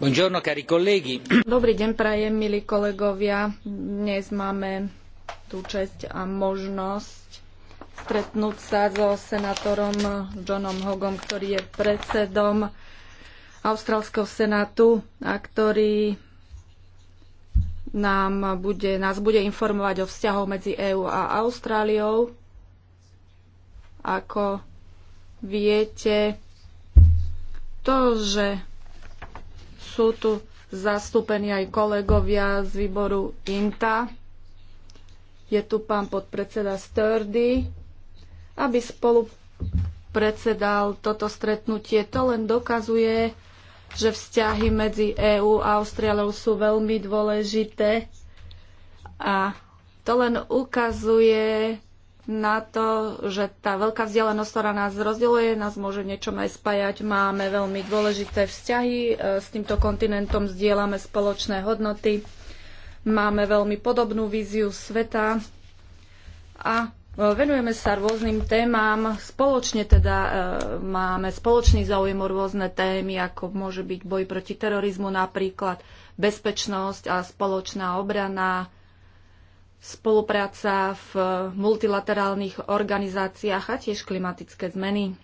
Dobrý deň prajem, milí kolegovia. Dnes máme tú česť a možnosť stretnúť sa so senátorom Johnom Hogom, ktorý je predsedom Austrálskeho senátu a ktorý nám bude, nás bude informovať o vzťahoch medzi EÚ a Austráliou. Ako viete, to, že sú tu zastúpení aj kolegovia z výboru INTA. Je tu pán podpredseda Sturdy, aby spolu predsedal toto stretnutie. To len dokazuje, že vzťahy medzi EÚ a Austriálou sú veľmi dôležité a to len ukazuje, na to, že tá veľká vzdialenosť, ktorá nás rozdeluje, nás môže niečom aj spájať. Máme veľmi dôležité vzťahy e, s týmto kontinentom, zdieľame spoločné hodnoty, máme veľmi podobnú víziu sveta a e, venujeme sa rôznym témam. Spoločne teda e, máme spoločný záujem o rôzne témy, ako môže byť boj proti terorizmu napríklad, bezpečnosť a spoločná obrana, spolupráca v multilaterálnych organizáciách a tiež klimatické zmeny.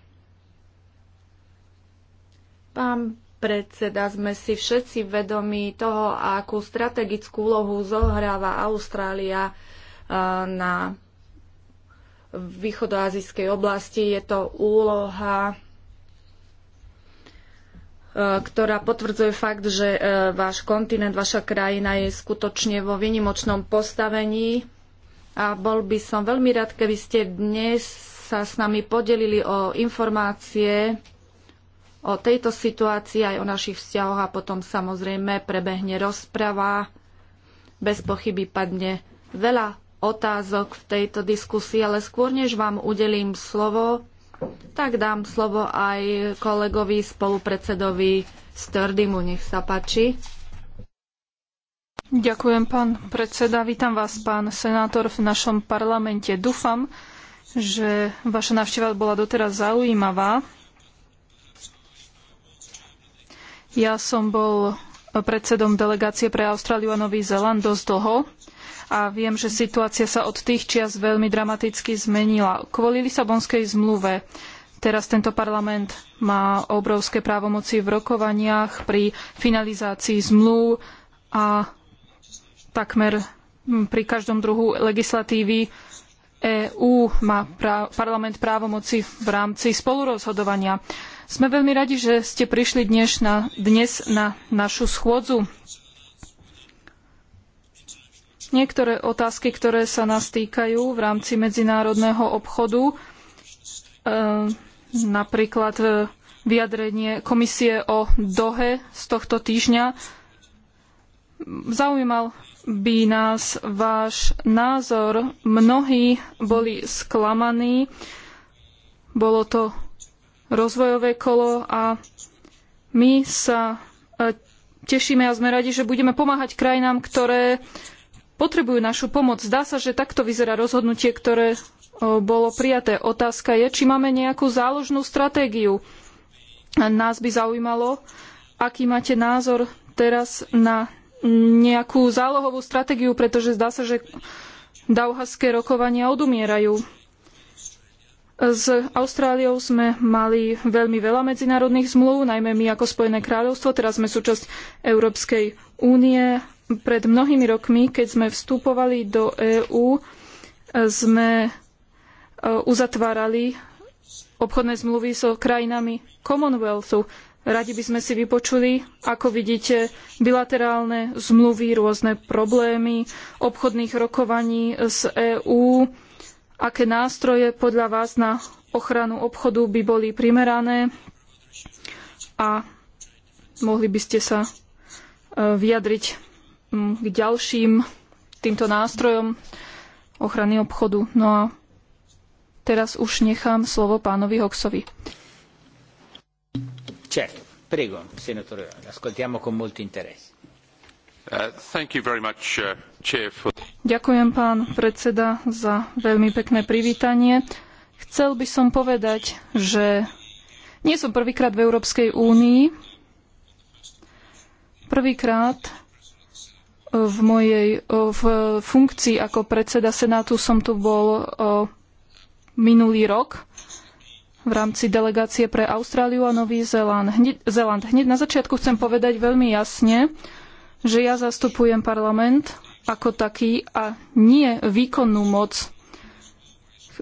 Pán predseda, sme si všetci vedomi toho, akú strategickú úlohu zohráva Austrália eh, na východoazijskej oblasti. Je to úloha E, ktorá potvrdzuje fakt, že e, váš kontinent, vaša krajina je skutočne vo vynimočnom postavení. A bol by som veľmi rád, keby ste dnes sa s nami podelili o informácie o tejto situácii aj o našich vzťahoch a potom samozrejme prebehne rozprava. Bez pochyby padne veľa otázok v tejto diskusii, ale skôr než vám udelím slovo, tak dám slovo aj kolegovi spolupredsedovi Stördymu, nech sa páči. Ďakujem, pán predseda. Vítam vás, pán senátor, v našom parlamente. Dúfam, že vaša návšteva bola doteraz zaujímavá. Ja som bol predsedom delegácie pre Austráliu a Nový Zeland dosť dlho a viem, že situácia sa od tých čias veľmi dramaticky zmenila. Kvôli Lisabonskej zmluve Teraz tento parlament má obrovské právomoci v rokovaniach pri finalizácii zmluv a takmer pri každom druhu legislatívy EÚ má parlament právomoci v rámci spolurozhodovania. Sme veľmi radi, že ste prišli dnes na, dnes na našu schôdzu Niektoré otázky, ktoré sa nás týkajú v rámci medzinárodného obchodu, e, napríklad e, vyjadrenie komisie o dohe z tohto týždňa. Zaujímal by nás váš názor. Mnohí boli sklamaní. Bolo to rozvojové kolo a my sa e, tešíme a sme radi, že budeme pomáhať krajinám, ktoré potrebujú našu pomoc. Zdá sa, že takto vyzerá rozhodnutie, ktoré bolo prijaté. Otázka je, či máme nejakú záložnú stratégiu. Nás by zaujímalo, aký máte názor teraz na nejakú zálohovú stratégiu, pretože zdá sa, že dauhaské rokovania odumierajú. S Austráliou sme mali veľmi veľa medzinárodných zmluv, najmä my ako Spojené kráľovstvo, teraz sme súčasť Európskej únie pred mnohými rokmi, keď sme vstupovali do EÚ, sme e, uzatvárali obchodné zmluvy so krajinami Commonwealthu. Radi by sme si vypočuli, ako vidíte, bilaterálne zmluvy, rôzne problémy obchodných rokovaní z EÚ, aké nástroje podľa vás na ochranu obchodu by boli primerané a mohli by ste sa e, vyjadriť Mm, k ďalším týmto nástrojom ochrany obchodu. No a teraz už nechám slovo pánovi Hoxovi. Certo, prego, senatore, ascoltiamo con molto interesse. Uh, much, uh, for... Ďakujem, pán predseda, za veľmi pekné privítanie. Chcel by som povedať, že nie som prvýkrát v Európskej únii. Prvýkrát v mojej v funkcii ako predseda Senátu som tu bol minulý rok v rámci delegácie pre Austráliu a Nový Zeland. Hneď, Zéland. Hneď na začiatku chcem povedať veľmi jasne, že ja zastupujem parlament ako taký a nie výkonnú moc.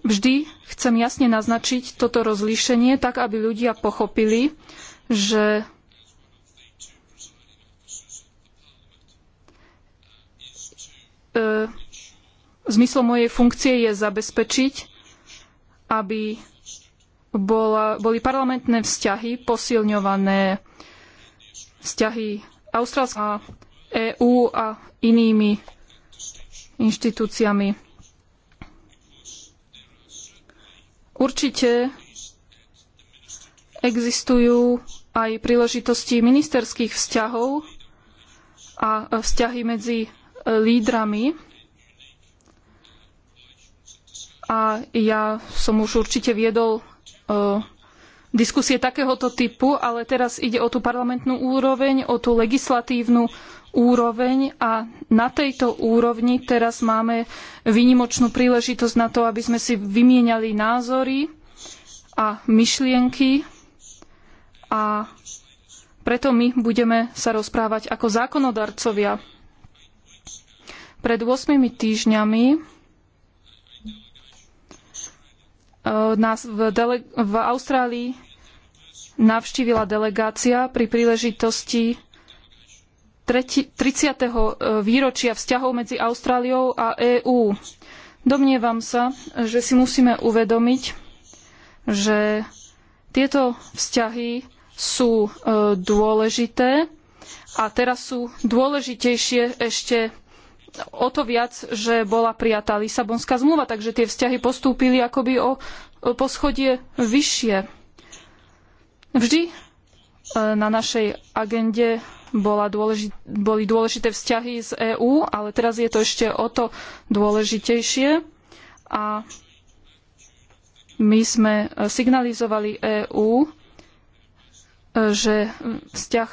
Vždy chcem jasne naznačiť toto rozlíšenie tak, aby ľudia pochopili, že E, zmyslom mojej funkcie je zabezpečiť, aby bola, boli parlamentné vzťahy posilňované vzťahy Austrálska, EÚ a inými inštitúciami. Určite existujú aj príležitosti ministerských vzťahov a vzťahy medzi lídrami. A ja som už určite viedol e, diskusie takéhoto typu, ale teraz ide o tú parlamentnú úroveň, o tú legislatívnu úroveň a na tejto úrovni teraz máme výnimočnú príležitosť na to, aby sme si vymieniali názory a myšlienky a preto my budeme sa rozprávať ako zákonodarcovia. Pred 8 týždňami e, nás v, dele- v Austrálii navštívila delegácia pri príležitosti 30. E, výročia vzťahov medzi Austráliou a EÚ. Domnievam sa, že si musíme uvedomiť, že tieto vzťahy sú e, dôležité a teraz sú dôležitejšie ešte o to viac, že bola prijatá Lisabonská zmluva, takže tie vzťahy postúpili akoby o poschodie vyššie. Vždy e, na našej agende boli dôležité vzťahy z EÚ, ale teraz je to ešte o to dôležitejšie. A my sme signalizovali EÚ, e, že vzťah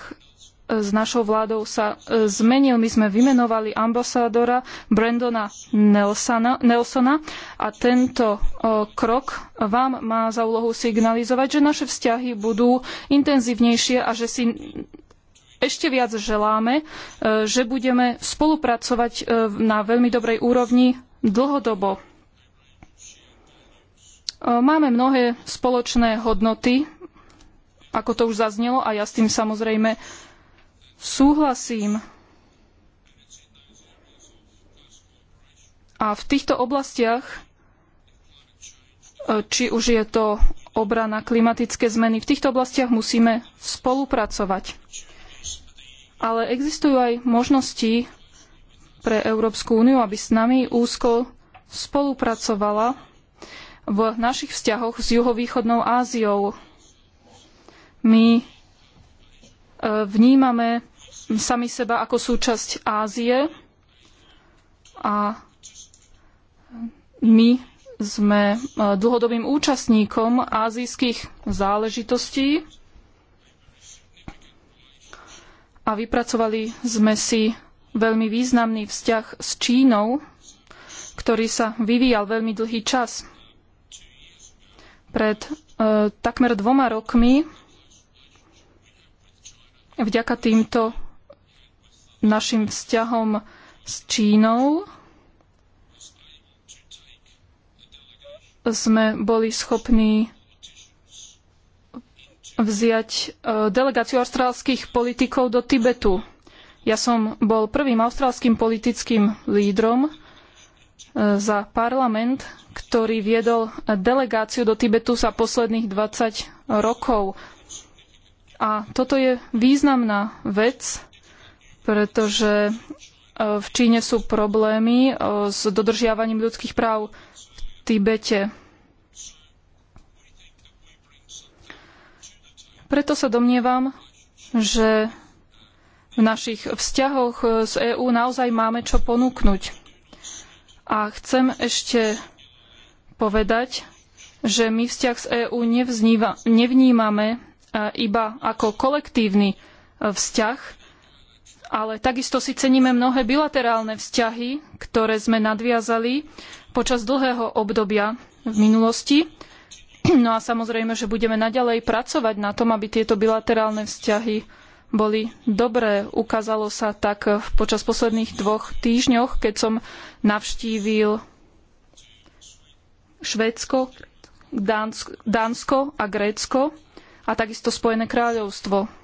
s našou vládou sa e, zmenil. My sme vymenovali ambasádora Brandona Nelsona, Nelsona a tento e, krok vám má za úlohu signalizovať, že naše vzťahy budú intenzívnejšie a že si ešte viac želáme, e, že budeme spolupracovať na veľmi dobrej úrovni dlhodobo. Máme mnohé spoločné hodnoty, ako to už zaznelo, a ja s tým samozrejme Súhlasím. A v týchto oblastiach, e, či už je to obrana, klimatické zmeny, v týchto oblastiach musíme spolupracovať. Ale existujú aj možnosti pre Európsku úniu, aby s nami úzko spolupracovala v našich vzťahoch s juhovýchodnou Áziou. My e, vnímame sami seba ako súčasť Ázie a my sme e, dlhodobým účastníkom ázijských záležitostí a vypracovali sme si veľmi významný vzťah s Čínou, ktorý sa vyvíjal veľmi dlhý čas. Pred e, takmer dvoma rokmi vďaka týmto našim vzťahom s Čínou sme boli schopní vziať e, delegáciu austrálskych politikov do Tibetu. Ja som bol prvým austrálskym politickým lídrom e, za parlament, ktorý viedol delegáciu do Tibetu za posledných 20 rokov. A toto je významná vec, pretože e, v Číne sú problémy e, s dodržiavaním ľudských práv v Tibete. Preto sa domnievam, že v našich vzťahoch e, s EÚ naozaj máme čo ponúknuť. A chcem ešte povedať, že my vzťah s EÚ nevnímame iba ako kolektívny vzťah, ale takisto si ceníme mnohé bilaterálne vzťahy, ktoré sme nadviazali počas dlhého obdobia v minulosti. No a samozrejme, že budeme naďalej pracovať na tom, aby tieto bilaterálne vzťahy boli dobré. Ukázalo sa tak počas posledných dvoch týždňoch, keď som navštívil Švédsko, Dánsko a Grécko a takisto Spojené kráľovstvo.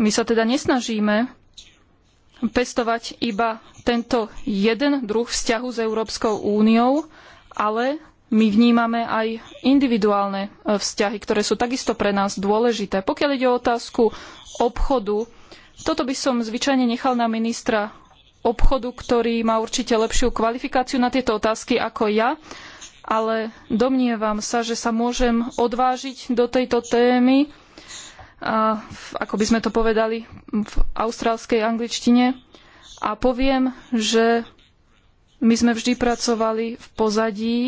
My sa teda nesnažíme pestovať iba tento jeden druh vzťahu s Európskou úniou, ale my vnímame aj individuálne e, vzťahy, ktoré sú takisto pre nás dôležité. Pokiaľ ide o otázku obchodu, toto by som zvyčajne nechal na ministra obchodu, ktorý má určite lepšiu kvalifikáciu na tieto otázky ako ja, ale domnievam sa, že sa môžem odvážiť do tejto témy ako by sme to povedali v austrálskej angličtine. A poviem, že my sme vždy pracovali v pozadí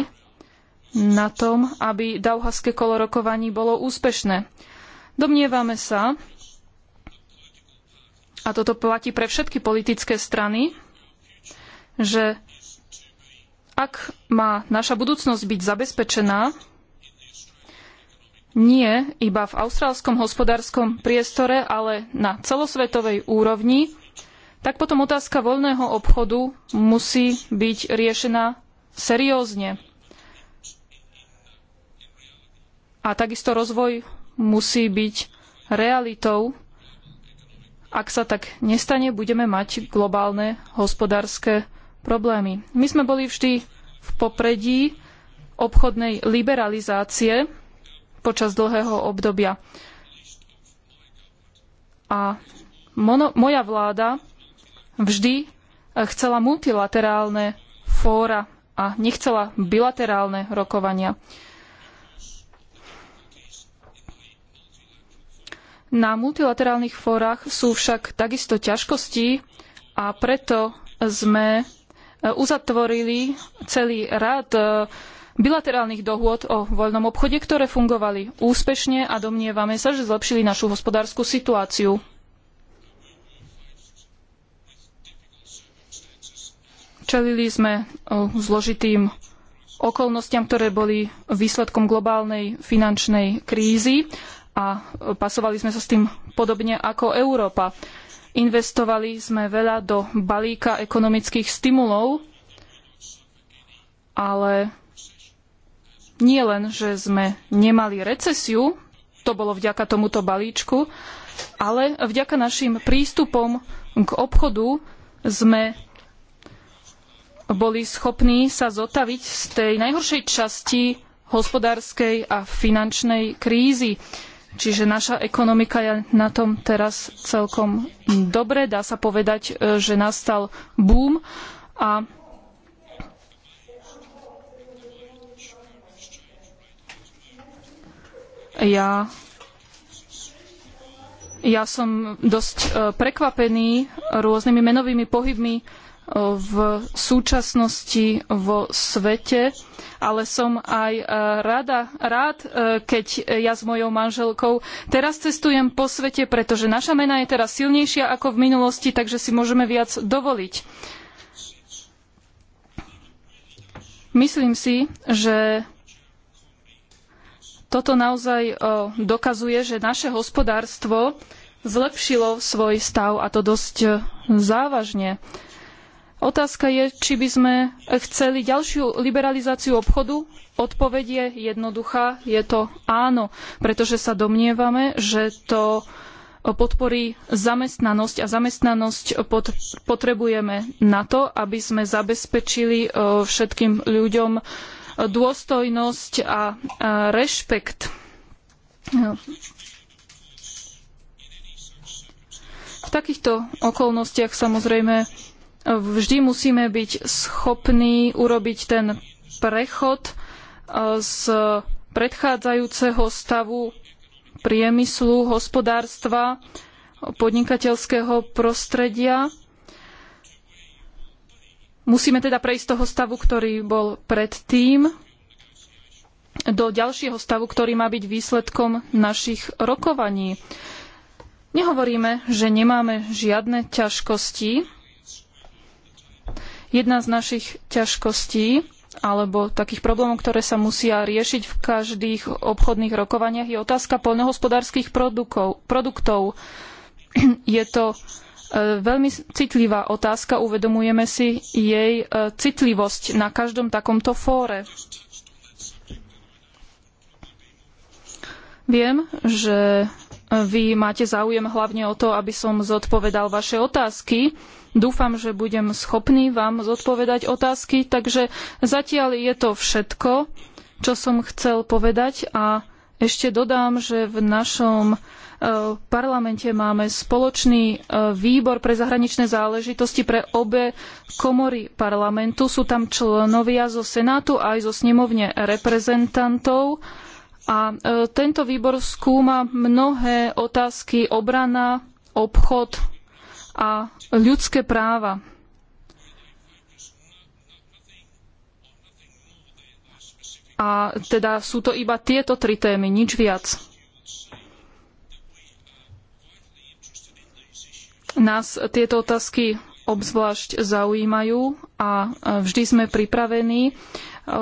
na tom, aby dauhaské kolo rokovaní bolo úspešné. Domnievame sa, a toto platí pre všetky politické strany, že ak má naša budúcnosť byť zabezpečená, nie iba v austrálskom hospodárskom priestore, ale na celosvetovej úrovni, tak potom otázka voľného obchodu musí byť riešená seriózne. A takisto rozvoj musí byť realitou. Ak sa tak nestane, budeme mať globálne hospodárske problémy. My sme boli vždy v popredí obchodnej liberalizácie počas dlhého obdobia. A mono, moja vláda vždy eh, chcela multilaterálne fóra a nechcela bilaterálne rokovania. Na multilaterálnych fórach sú však takisto ťažkosti a preto sme eh, uzatvorili celý rad eh, bilaterálnych dohôd o voľnom obchode, ktoré fungovali úspešne a domnievame sa, že zlepšili našu hospodársku situáciu. Čelili sme zložitým okolnostiam, ktoré boli výsledkom globálnej finančnej krízy a pasovali sme sa s tým podobne ako Európa. Investovali sme veľa do balíka ekonomických stimulov, ale nie len, že sme nemali recesiu, to bolo vďaka tomuto balíčku, ale vďaka našim prístupom k obchodu sme boli schopní sa zotaviť z tej najhoršej časti hospodárskej a finančnej krízy. Čiže naša ekonomika je na tom teraz celkom dobre. Dá sa povedať, že nastal boom a Ja, ja som dosť e, prekvapený rôznymi menovými pohybmi e, v súčasnosti vo svete, ale som aj e, rada, rád, keď ja s mojou manželkou teraz cestujem po svete, pretože naša mena je teraz silnejšia ako v minulosti, takže si môžeme viac dovoliť. Myslím si, že toto naozaj dokazuje, že naše hospodárstvo zlepšilo svoj stav a to dosť e, závažne. Otázka je, či by sme chceli ďalšiu liberalizáciu obchodu. Odpoveď je jednoduchá, je to áno, pretože sa domnievame, že to e, podporí zamestnanosť a zamestnanosť potrebujeme na to, aby sme zabezpečili e, všetkým ľuďom dôstojnosť a rešpekt. V takýchto okolnostiach samozrejme vždy musíme byť schopní urobiť ten prechod e, z predchádzajúceho stavu priemyslu, hospodárstva, podnikateľského prostredia Musíme teda prejsť z toho stavu, ktorý bol predtým, do ďalšieho stavu, ktorý má byť výsledkom našich rokovaní. Nehovoríme, že nemáme žiadne ťažkosti. Jedna z našich ťažkostí alebo takých problémov, ktoré sa musia riešiť v každých obchodných rokovaniach, je otázka poľnohospodárskych produktov. Je to E, veľmi citlivá otázka, uvedomujeme si jej e, citlivosť na každom takomto fóre. Viem, že e, vy máte záujem hlavne o to, aby som zodpovedal vaše otázky. Dúfam, že budem schopný vám zodpovedať otázky, takže zatiaľ je to všetko, čo som chcel povedať a ešte dodám, že v našom E, v parlamente máme spoločný e, výbor pre zahraničné záležitosti pre obe komory parlamentu. Sú tam členovia zo Senátu aj zo snemovne reprezentantov. A e, tento výbor skúma mnohé otázky obrana, obchod a ľudské práva. A teda sú to iba tieto tri témy, nič viac. Nás tieto otázky obzvlášť zaujímajú a vždy sme pripravení e,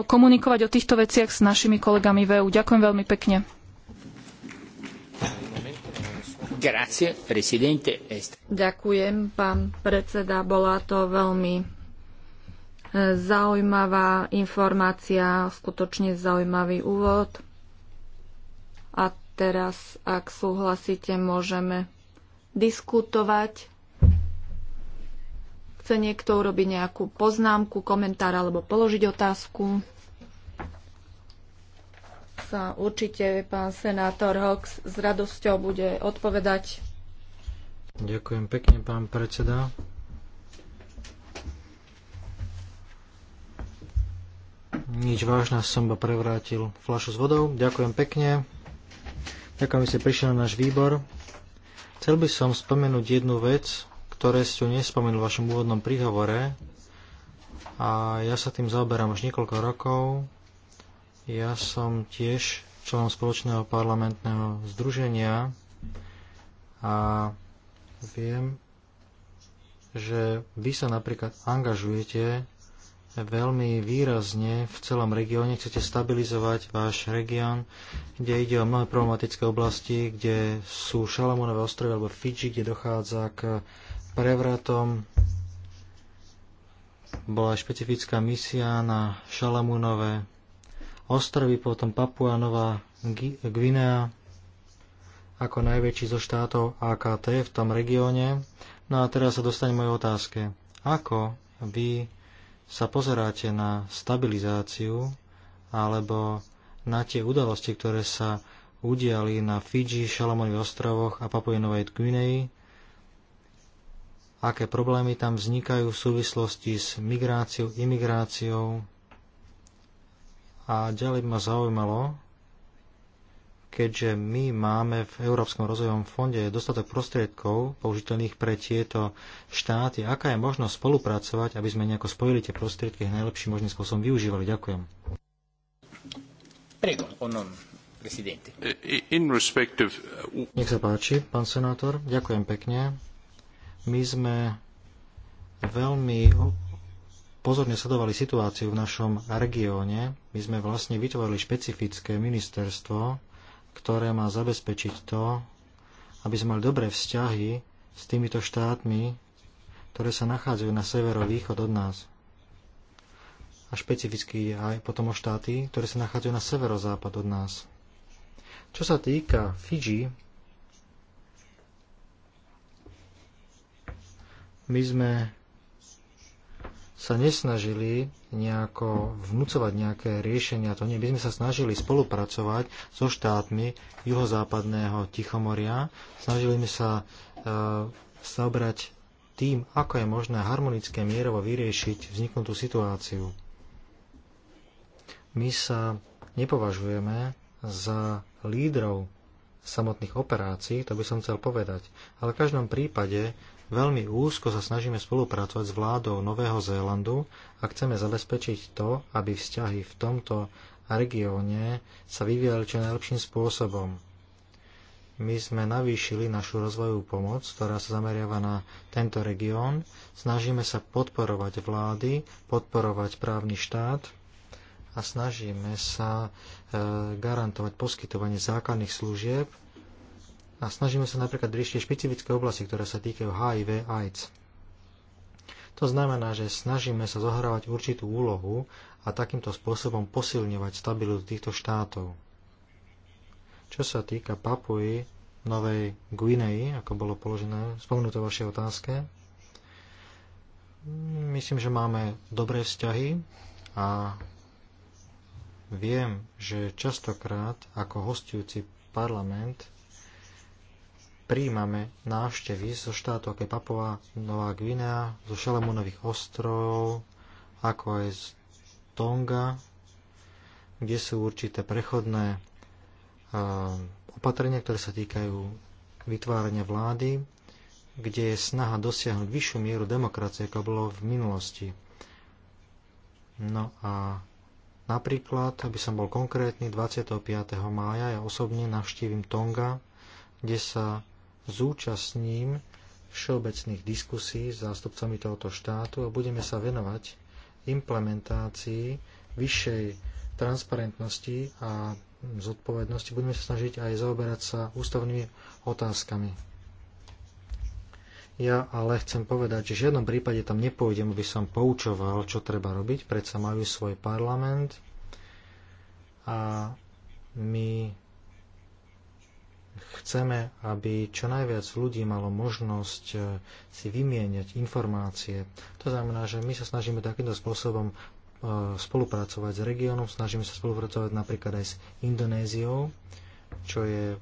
komunikovať o týchto veciach s našimi kolegami v e Ďakujem veľmi pekne. Ďakujem, pán predseda. Bola to veľmi e, zaujímavá informácia, skutočne zaujímavý úvod. A teraz, ak súhlasíte, môžeme diskutovať. Chce niekto urobiť nejakú poznámku, komentár alebo položiť otázku? Sa určite pán senátor Hox s radosťou bude odpovedať. Ďakujem pekne, pán predseda. Nič vážne, som ba prevrátil flašu s vodou. Ďakujem pekne. Ďakujem, že ste prišli na náš výbor. Chcel by som spomenúť jednu vec, ktoré ste nespomenul v vašom úvodnom príhovore a ja sa tým zaoberám už niekoľko rokov. Ja som tiež členom spoločného parlamentného združenia a viem, že vy sa napríklad angažujete veľmi výrazne v celom regióne, chcete stabilizovať váš región, kde ide o mnohé problematické oblasti, kde sú Šalamúnové ostrovy alebo Fidži, kde dochádza k prevratom. Bola špecifická misia na Šalamúnové ostrovy, potom Papua Nová Gvinea ako najväčší zo štátov AKT v tom regióne. No a teraz sa dostane moje otázke. Ako vy sa pozeráte na stabilizáciu alebo na tie udalosti, ktoré sa udiali na Fidži, Šalamových ostrovoch a Papuinovej Gvineji, aké problémy tam vznikajú v súvislosti s migráciou, imigráciou. A ďalej by ma zaujímalo, keďže my máme v Európskom rozvojovom fonde dostatok prostriedkov použiteľných pre tieto štáty, aká je možnosť spolupracovať, aby sme nejako spojili tie prostriedky a najlepším možným spôsobom využívali? Ďakujem. Eh, uh, Nech sa páči, pán senátor, ďakujem pekne. My sme veľmi pozorne sledovali situáciu v našom regióne. My sme vlastne vytvorili špecifické ministerstvo ktoré má zabezpečiť to, aby sme mali dobré vzťahy s týmito štátmi, ktoré sa nachádzajú na severovýchod od nás. A špecificky aj potom o štáty, ktoré sa nachádzajú na severozápad od nás. Čo sa týka Fidži, my sme sa nesnažili nejako vnúcovať nejaké riešenia. To nie, by sme sa snažili spolupracovať so štátmi juhozápadného Tichomoria. Snažili sme sa e, zaobrať tým, ako je možné harmonické mierovo vyriešiť vzniknutú situáciu. My sa nepovažujeme za lídrov samotných operácií, to by som chcel povedať. Ale v každom prípade Veľmi úzko sa snažíme spolupracovať s vládou Nového Zélandu a chceme zabezpečiť to, aby vzťahy v tomto regióne sa vyvíjali čo najlepším spôsobom. My sme navýšili našu rozvojovú pomoc, ktorá sa zameriava na tento región. Snažíme sa podporovať vlády, podporovať právny štát a snažíme sa e, garantovať poskytovanie základných služieb a snažíme sa napríklad riešiť špecifické oblasti, ktoré sa týkajú HIV AIDS. To znamená, že snažíme sa zohrávať určitú úlohu a takýmto spôsobom posilňovať stabilitu týchto štátov. Čo sa týka Papuji Novej Guinei, ako bolo položené, spomenuté vašej otázke, myslím, že máme dobré vzťahy a viem, že častokrát ako hostujúci parlament príjmame návštevy zo štátu ako je Papová Nová Gvinea, zo Šalamúnových ostrovov, ako aj z Tonga, kde sú určité prechodné eh, opatrenia, ktoré sa týkajú vytvárania vlády, kde je snaha dosiahnuť vyššiu mieru demokracie, ako bolo v minulosti. No a napríklad, aby som bol konkrétny, 25. mája ja osobne navštívim Tonga, kde sa zúčastním všeobecných diskusí s zástupcami tohoto štátu a budeme sa venovať implementácii vyššej transparentnosti a zodpovednosti. Budeme sa snažiť aj zaoberať sa ústavnými otázkami. Ja ale chcem povedať, že v žiadnom prípade tam nepôjdem, aby som poučoval, čo treba robiť. Predsa majú svoj parlament a my Chceme, aby čo najviac ľudí malo možnosť e, si vymieňať informácie. To znamená, že my sa snažíme takýmto spôsobom e, spolupracovať s regiónom, snažíme sa spolupracovať napríklad aj s Indonéziou, čo je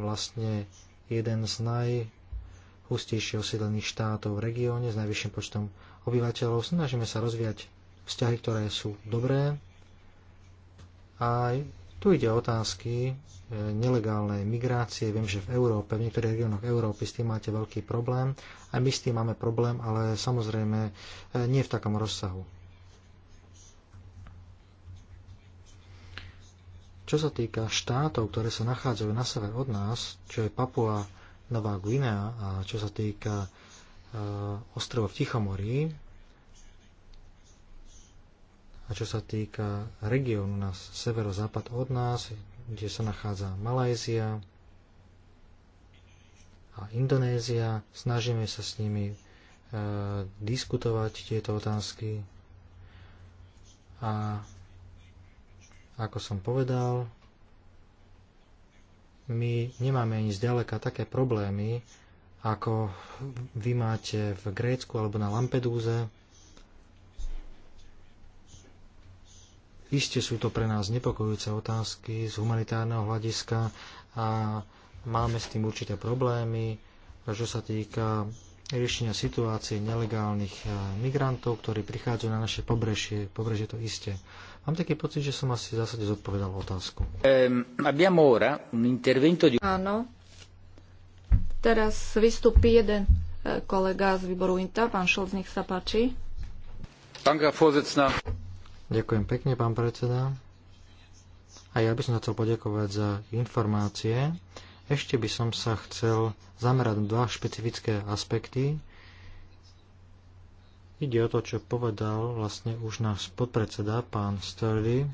vlastne jeden z najhustejšie osídlených štátov v regióne s najvyšším počtom obyvateľov. Snažíme sa rozvíjať vzťahy, ktoré sú dobré a tu ide o otázky e, nelegálnej migrácie. Viem, že v Európe, v niektorých regiónoch Európy s tým máte veľký problém. Aj my s tým máme problém, ale samozrejme e, nie v takom rozsahu. Čo sa týka štátov, ktoré sa nachádzajú na sever od nás, čo je Papua, Nová Guinea a čo sa týka e, ostrovov Tichomorí, a čo sa týka regiónu na severozápad od nás, kde sa nachádza Malajzia a Indonézia, snažíme sa s nimi e, diskutovať tieto otázky. A ako som povedal, my nemáme ani zďaleka také problémy, ako vy máte v Grécku alebo na Lampedúze. Isté sú to pre nás nepokojúce otázky z humanitárneho hľadiska a máme s tým určité problémy, čo sa týka riešenia situácie nelegálnych e, migrantov, ktorí prichádzajú na naše pobrežie, pobrežie to isté. Mám taký pocit, že som asi v zásade zodpovedal otázku. Ehm, Áno. Teraz vystupí jeden e, kolega z výboru INTA, pán Šolc, nech sa páči. Ďakujem pekne, pán predseda. A ja by som chcel poďakovať za informácie. Ešte by som sa chcel zamerať na dva špecifické aspekty. Ide o to, čo povedal vlastne už náš podpredseda, pán Sturley.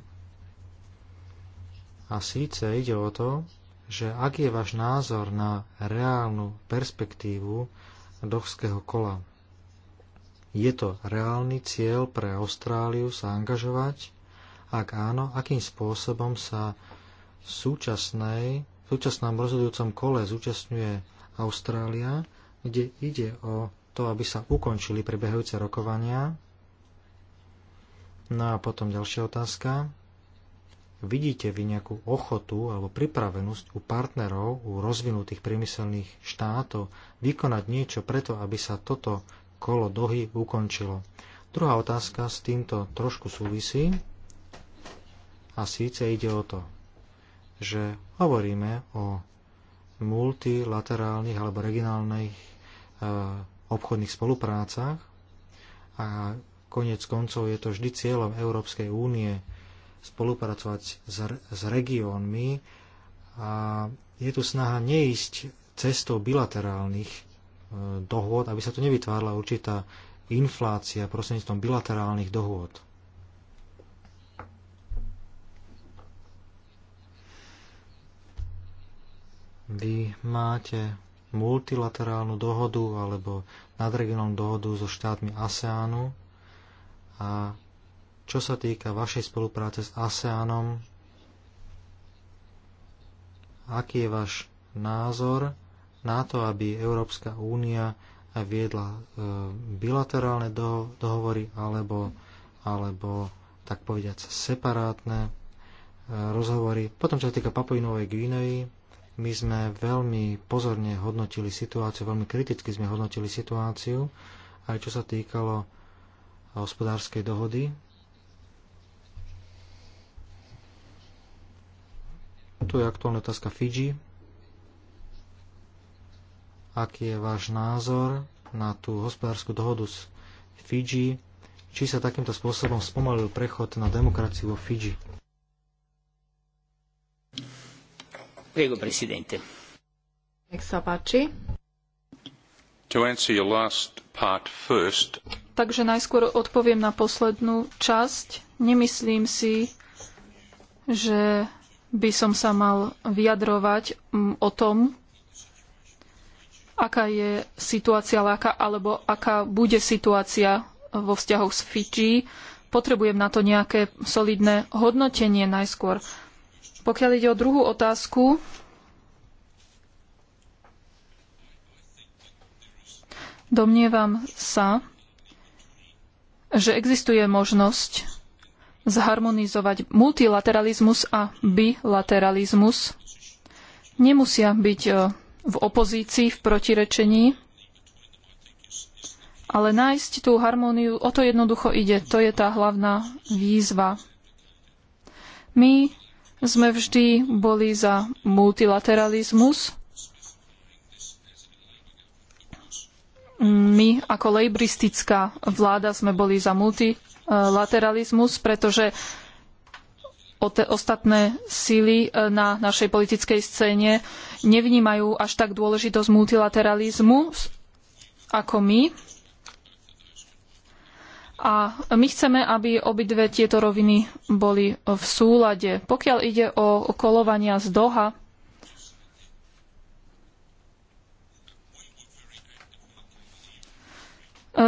A síce ide o to, že aký je váš názor na reálnu perspektívu dochského kola. Je to reálny cieľ pre Austráliu sa angažovať? Ak áno, akým spôsobom sa v súčasnej, v súčasnom rozhodujúcom kole zúčastňuje Austrália, kde ide o to, aby sa ukončili prebiehajúce rokovania? No a potom ďalšia otázka. Vidíte vy nejakú ochotu alebo pripravenosť u partnerov, u rozvinutých priemyselných štátov vykonať niečo preto, aby sa toto kolo Dohy ukončilo. Druhá otázka s týmto trošku súvisí a síce ide o to, že hovoríme o multilaterálnych alebo regionálnych e, obchodných spoluprácach a konec koncov je to vždy cieľom Európskej únie spolupracovať s, s regiónmi a je tu snaha neísť cestou bilaterálnych Eh, dohôd, aby sa tu nevytvárla určitá inflácia prostredníctvom bilaterálnych dohôd. Vy máte multilaterálnu dohodu alebo nadregionálnu dohodu so štátmi ASEANu a čo sa týka vašej spolupráce s ASEANom, aký je váš názor na to, aby Európska únia viedla e, bilaterálne do, dohovory alebo, alebo tak povediať separátne e, rozhovory. Potom, čo sa týka Papuinovej Gvineji, my sme veľmi pozorne hodnotili situáciu, veľmi kriticky sme hodnotili situáciu, aj čo sa týkalo hospodárskej dohody. Tu je aktuálna otázka Fiji aký je váš názor na tú hospodárskú dohodu s Fidži, či sa takýmto spôsobom spomalil prechod na demokraciu vo Fidži. Prego, presidente. Nech sa páči. To answer your last part first. Takže najskôr odpoviem na poslednú časť. Nemyslím si, že by som sa mal vyjadrovať mm, o tom, aká je situácia, alebo aká bude situácia vo vzťahoch s Fidži. Potrebujem na to nejaké solidné hodnotenie najskôr. Pokiaľ ide o druhú otázku, domnievam sa, že existuje možnosť zharmonizovať multilateralizmus a bilateralizmus. Nemusia byť e, v opozícii, v protirečení, ale nájsť tú harmóniu, o to jednoducho ide. To je tá hlavná výzva. My sme vždy boli za multilateralizmus. My ako lejbristická vláda sme boli za multilateralizmus, pretože ostatné síly e, na našej politickej scéne nevnímajú až tak dôležitosť multilateralizmu ako my. A my chceme, aby obidve tieto roviny boli v súlade. Pokiaľ ide o kolovania z Doha, e,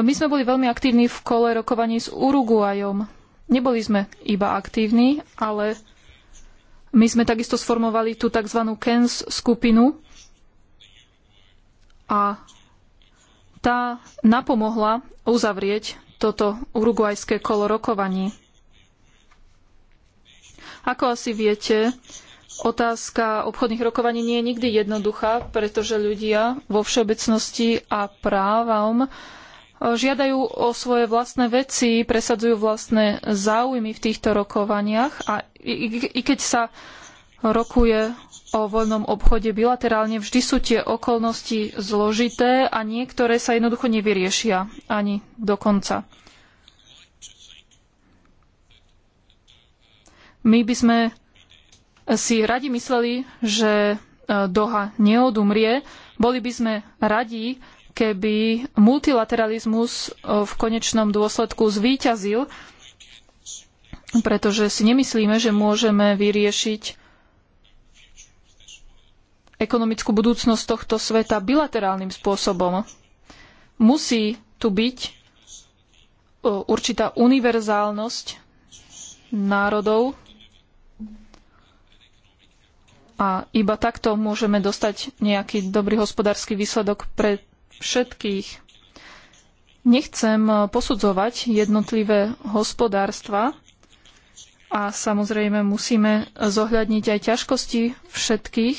My sme boli veľmi aktívni v kole rokovaní s Uruguajom. Neboli sme iba aktívni, ale my sme takisto sformovali tú tzv. KENS skupinu a tá napomohla uzavrieť toto uruguajské kolo rokovaní. Ako asi viete, otázka obchodných rokovaní nie je nikdy jednoduchá, pretože ľudia vo všeobecnosti a právom žiadajú o svoje vlastné veci, presadzujú vlastné záujmy v týchto rokovaniach a i, keď sa rokuje o voľnom obchode bilaterálne, vždy sú tie okolnosti zložité a niektoré sa jednoducho nevyriešia ani do konca. My by sme si radi mysleli, že e, Doha neodumrie. Boli by sme radi, keby multilateralizmus e, v konečnom dôsledku zvíťazil, pretože si nemyslíme, že môžeme vyriešiť ekonomickú budúcnosť tohto sveta bilaterálnym spôsobom. Musí tu byť e, určitá univerzálnosť národov a iba takto môžeme dostať nejaký dobrý hospodársky výsledok pre všetkých. Nechcem posudzovať jednotlivé hospodárstva a samozrejme musíme zohľadniť aj ťažkosti všetkých.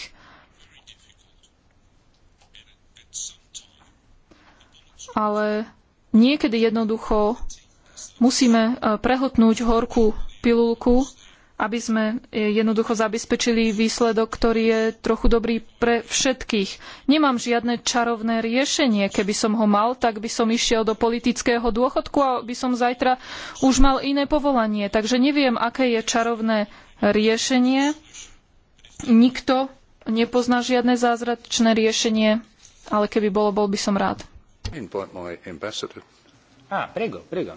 Ale niekedy jednoducho musíme prehltnúť horkú pilulku aby sme e, jednoducho zabezpečili výsledok, ktorý je trochu dobrý pre všetkých. Nemám žiadne čarovné riešenie. Keby som ho mal, tak by som išiel do politického dôchodku a by som zajtra už mal iné povolanie. Takže neviem, aké je čarovné riešenie. Nikto nepozná žiadne zázračné riešenie, ale keby bolo, bol by som rád. Ah, prego, prego.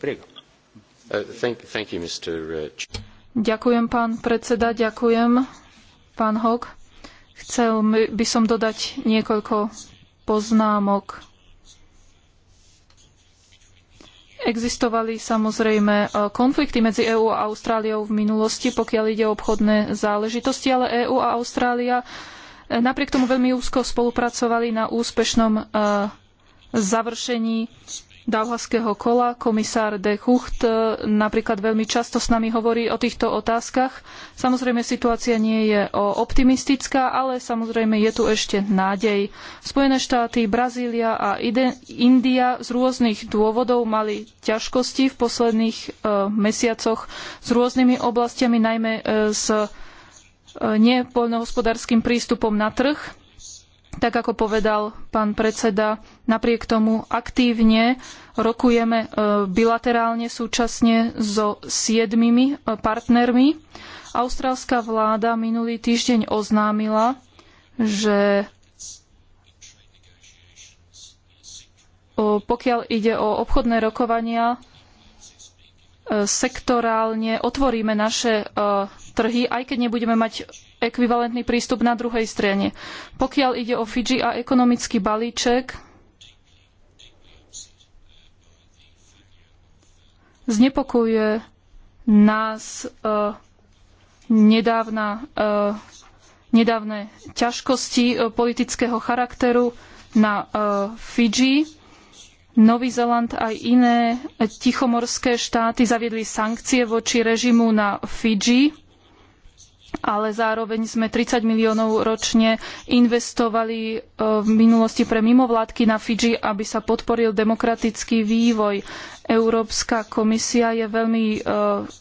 prego. Uh, thank, thank you, Mr. Ďakujem, pán predseda, ďakujem, pán Hok. Chcel by som dodať niekoľko poznámok. Existovali samozrejme e, konflikty medzi EÚ a Austráliou v minulosti, pokiaľ ide o obchodné záležitosti, ale EÚ a Austrália e, napriek tomu veľmi úzko spolupracovali na úspešnom e, završení Dalhaského kola. Komisár de Hucht e, napríklad veľmi často s nami hovorí o týchto otázkach. Samozrejme, situácia nie je optimistická, ale samozrejme je tu ešte nádej. Spojené štáty, Brazília a India z rôznych dôvodov mali ťažkosti v posledných e, mesiacoch s rôznymi oblastiami, najmä e, s nepoľnohospodárskym prístupom na trh tak ako povedal pán predseda, napriek tomu aktívne rokujeme e, bilaterálne súčasne so siedmimi e, partnermi. Austrálska vláda minulý týždeň oznámila, že e, pokiaľ ide o obchodné rokovania, sektorálne otvoríme naše trhy, aj keď nebudeme mať ekvivalentný prístup na druhej strane. Pokiaľ ide o Fidži a ekonomický balíček, znepokojuje nás uh, nedávna, uh, nedávne ťažkosti uh, politického charakteru na Fidži. Nový Zeland aj iné tichomorské štáty zaviedli sankcie voči režimu na Fidži ale zároveň sme 30 miliónov ročne investovali e, v minulosti pre mimovládky na Fidži, aby sa podporil demokratický vývoj. Európska komisia je veľmi e,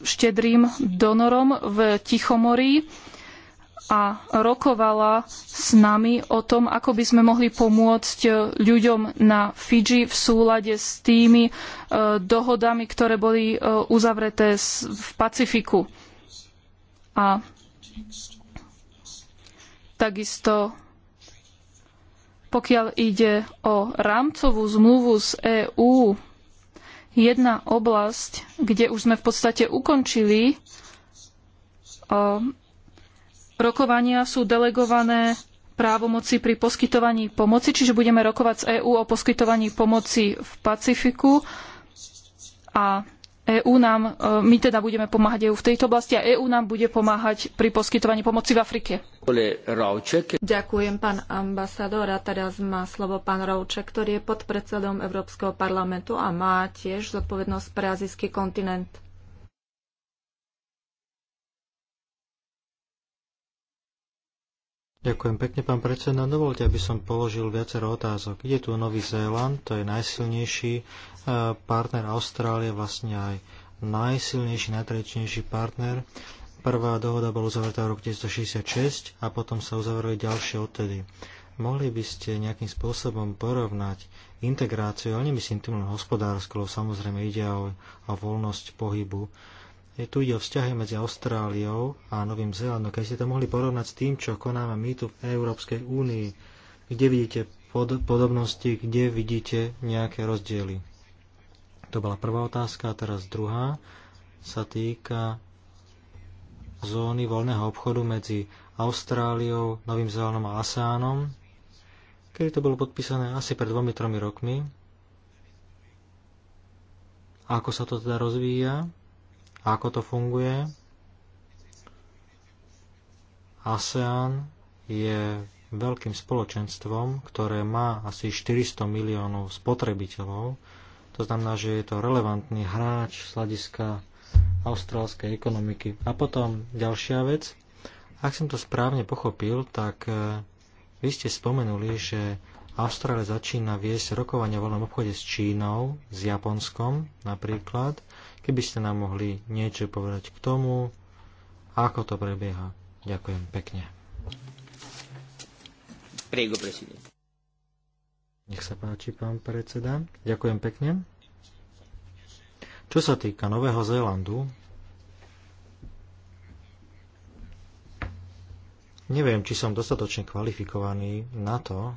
štedrým donorom v Tichomorí a rokovala s nami o tom, ako by sme mohli pomôcť e, ľuďom na Fidži v súlade s tými dohodami, ktoré boli uzavreté v Pacifiku. A Takisto pokiaľ ide o rámcovú zmluvu z EÚ, jedna oblasť, kde už sme v podstate ukončili rokovania, sú delegované právomoci pri poskytovaní pomoci, čiže budeme rokovať z EÚ o poskytovaní pomoci v Pacifiku a EÚ nám, e, my teda budeme pomáhať EÚ v tejto oblasti a EÚ nám bude pomáhať pri poskytovaní pomoci v Afrike. Ďakujem, pán ambasador. A teraz má slovo pán Rouček, ktorý je podpredsedom Európskeho parlamentu a má tiež zodpovednosť pre azijský kontinent. Ďakujem pekne, pán predseda. Dovolte, aby som položil viacero otázok. Je tu Nový Zéland, to je najsilnejší E, partner Austrálie, vlastne aj najsilnejší, najtradičnejší partner. Prvá dohoda bola uzavretá v roku 1966 a potom sa uzavreli ďalšie odtedy. Mohli by ste nejakým spôsobom porovnať integráciu, ale nemyslím tým len hospodárskou, lebo samozrejme ide o, o voľnosť pohybu. Je tu ide o vzťahy medzi Austráliou a Novým Zélandom. Keď ste to mohli porovnať s tým, čo konáme my tu v Európskej únii, kde vidíte pod, podobnosti, kde vidíte nejaké rozdiely. To bola prvá otázka a teraz druhá sa týka zóny voľného obchodu medzi Austráliou, Novým Zelenom a Asánom, kedy to bolo podpísané asi pred dvomi, tromi rokmi. Ako sa to teda rozvíja? Ako to funguje? ASEAN je veľkým spoločenstvom, ktoré má asi 400 miliónov spotrebiteľov to znamená, že je to relevantný hráč z hľadiska austrálskej ekonomiky. A potom ďalšia vec. Ak som to správne pochopil, tak e, vy ste spomenuli, že Austrália začína viesť rokovania v voľnom obchode s Čínou, s Japonskom napríklad. Keby ste nám mohli niečo povedať k tomu, ako to prebieha. Ďakujem pekne. Prego, presidente. Nech sa páči, pán predseda. Ďakujem pekne. Čo sa týka Nového Zélandu, neviem, či som dostatočne kvalifikovaný na to,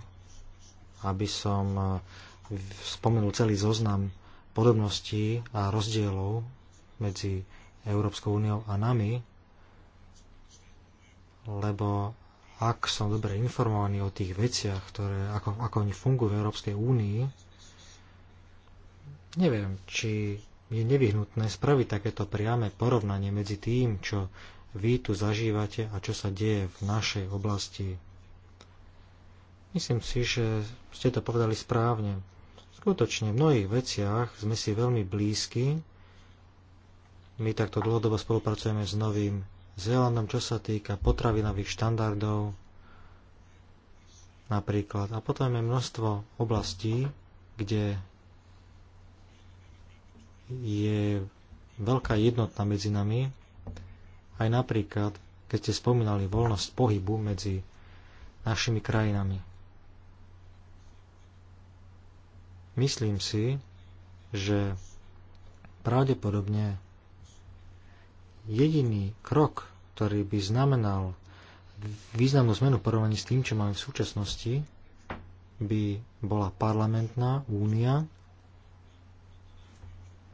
aby som e, spomenul celý zoznam podobností a rozdielov medzi Európskou úniou a nami, lebo ak som dobre informovaný o tých veciach, ktoré, ako, ako oni fungujú v Európskej únii, neviem, či je nevyhnutné spraviť takéto priame porovnanie medzi tým, čo vy tu zažívate a čo sa deje v našej oblasti. Myslím si, že ste to povedali správne. Skutočne v mnohých veciach sme si veľmi blízki. My takto dlhodobo spolupracujeme s novým Zélandom, čo sa týka potravinových štandardov napríklad. A potom je množstvo oblastí, kde je veľká jednotná medzi nami. Aj napríklad, keď ste spomínali voľnosť pohybu medzi našimi krajinami. Myslím si, že pravdepodobne jediný krok, ktorý by znamenal významnú zmenu porovnaní s tým, čo máme v súčasnosti, by bola parlamentná únia,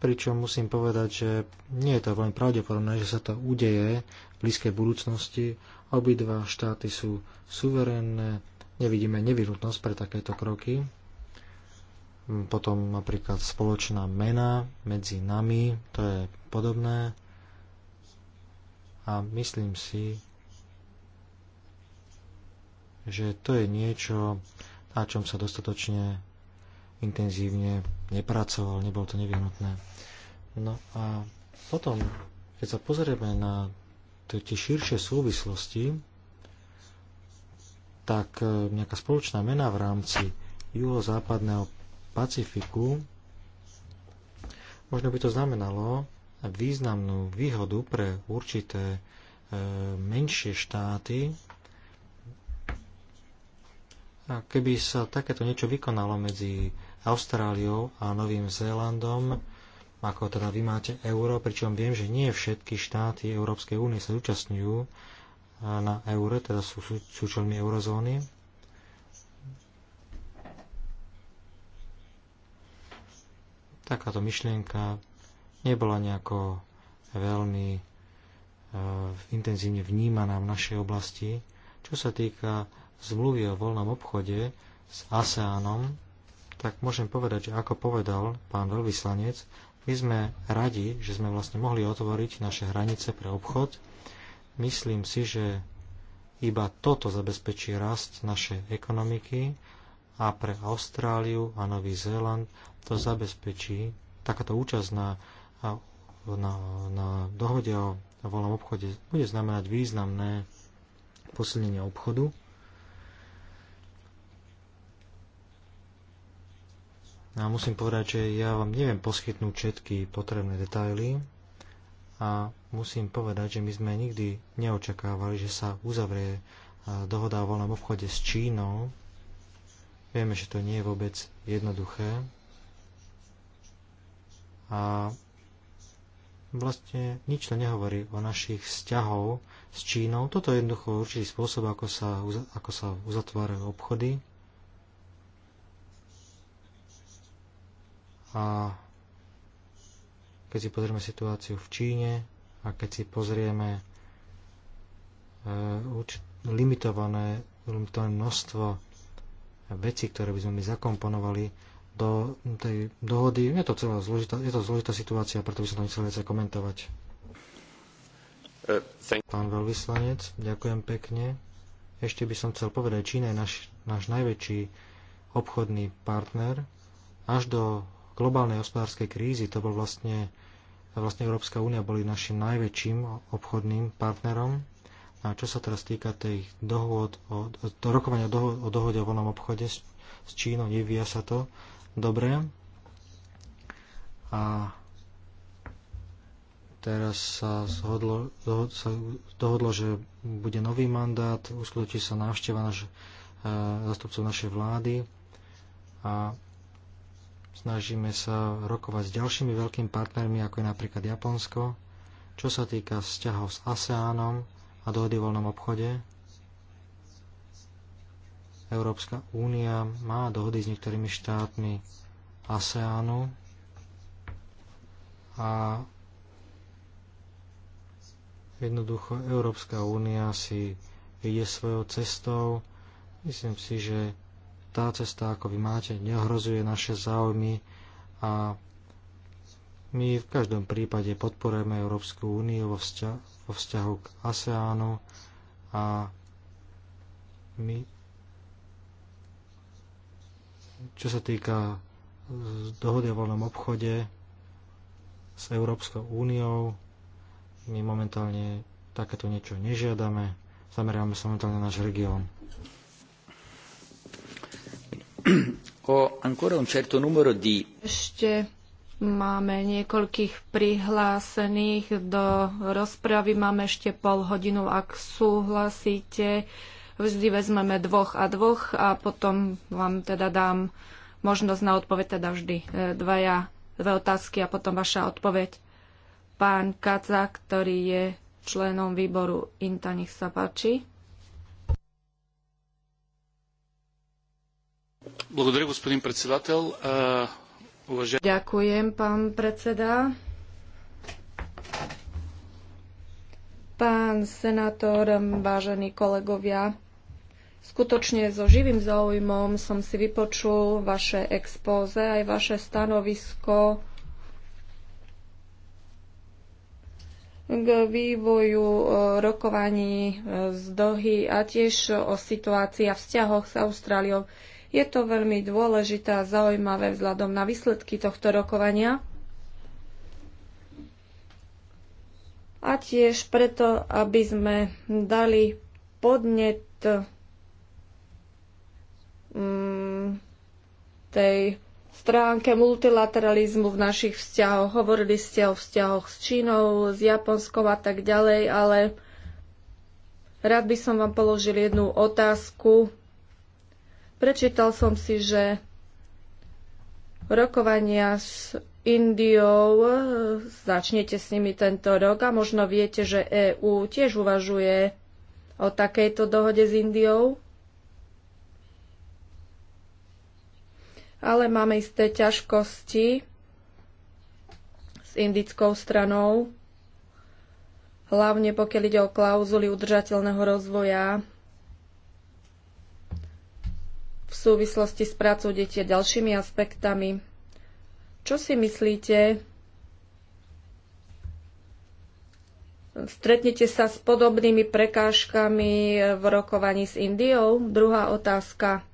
pričom musím povedať, že nie je to veľmi pravdepodobné, že sa to udeje v blízkej budúcnosti. Obidva štáty sú suverénne, nevidíme nevyhnutnosť pre takéto kroky. Potom napríklad spoločná mena medzi nami, to je podobné a myslím si, že to je niečo, na čom sa dostatočne intenzívne nepracoval, nebolo to nevyhnutné. No a potom, keď sa pozrieme na tie širšie súvislosti, tak e, nejaká spoločná mena v rámci juhozápadného Pacifiku, možno by to znamenalo, významnú výhodu pre určité e, menšie štáty. A keby sa takéto niečo vykonalo medzi Austráliou a Novým Zélandom, ako teda vy máte euro, pričom viem, že nie všetky štáty Európskej únie sa zúčastňujú e, na eure, teda sú, súčelmi eurozóny. Takáto myšlienka nebola nejako veľmi uh, intenzívne vnímaná v našej oblasti. Čo sa týka zmluvy o voľnom obchode s ASEANom, tak môžem povedať, že ako povedal pán veľvyslanec, my sme radi, že sme vlastne mohli otvoriť naše hranice pre obchod. Myslím si, že iba toto zabezpečí rast našej ekonomiky a pre Austráliu a Nový Zéland to zabezpečí takáto účasť na a na, na dohode o voľnom obchode bude znamenať významné posilnenie obchodu. A musím povedať, že ja vám neviem poskytnúť všetky potrebné detaily a musím povedať, že my sme nikdy neočakávali, že sa uzavrie dohoda o voľnom obchode s Čínou. Vieme, že to nie je vôbec jednoduché. A vlastne nič to nehovorí o našich vzťahov s Čínou. Toto je jednoducho určitý spôsob, ako sa, ako sa uzatvárajú obchody. A keď si pozrieme situáciu v Číne a keď si pozrieme e, limitované, limitované množstvo vecí, ktoré by sme my zakomponovali do tej dohody. Je to celá zložitá, je to zložitá situácia, preto by som to nechcel viac komentovať. Eh, Pán veľvyslanec, ďakujem pekne. Ešte by som chcel povedať, Čína je náš, náš najväčší obchodný partner. Až do globálnej hospodárskej krízy to bol vlastne, vlastne Európska únia boli našim najväčším obchodným partnerom. A čo sa teraz týka tej dohod o, to rokovania o, o dohode o voľnom obchode s, s Čínou, nevyvíja sa to. Dobre. A teraz sa, zhodlo, dohod, sa dohodlo, že bude nový mandát, uskutočí sa návšteva naš, e, zastupcov našej vlády a snažíme sa rokovať s ďalšími veľkými partnermi, ako je napríklad Japonsko, čo sa týka vzťahov s ASEANom a dohody o voľnom obchode. Európska únia má dohody s niektorými štátmi ASEANu a jednoducho Európska únia si ide svojou cestou. Myslím si, že tá cesta, ako vy máte, neohrozuje naše záujmy a my v každom prípade podporujeme Európsku úniu vo, vzťa- vo vzťahu k ASEANu a my čo sa týka eh, dohody o voľnom obchode s Európskou úniou, my momentálne takéto niečo nežiadame. Zameriame sa momentálne na náš región. Ešte máme niekoľkých prihlásených do rozpravy. Máme ešte pol hodinu, ak súhlasíte. Uh, Vždy vezmeme dvoch a dvoch a potom vám teda dám možnosť na odpoveď, teda vždy e, dvaja, dve otázky a potom vaša odpoveď. Pán Kaca, ktorý je členom výboru INTA, nech sa páči. Благодаря, господин председател. Уважаем... Ďakujem, pán predseda. Pán senátor, vážení kolegovia, Skutočne so živým záujmom som si vypočul vaše expóze, aj vaše stanovisko k vývoju e, rokovaní e, z Dohy a tiež o situácii a vzťahoch s Austráliou. Je to veľmi dôležité a zaujímavé vzhľadom na výsledky tohto rokovania. A tiež preto, aby sme dali podnet Mm, tej stránke multilateralizmu v našich vzťahoch. Hovorili ste o vzťahoch s Čínou, s Japonskou a tak ďalej, ale rád by som vám položil jednu otázku. Prečítal som si, že rokovania s Indiou e, začnete s nimi tento rok a možno viete, že EÚ tiež uvažuje o takejto dohode s Indiou. ale máme isté ťažkosti s indickou stranou, hlavne pokiaľ ide o klauzuly udržateľného rozvoja v súvislosti s prácou detí a ďalšími aspektami. Čo si myslíte? Stretnete sa s podobnými prekážkami v rokovaní s Indiou? Druhá otázka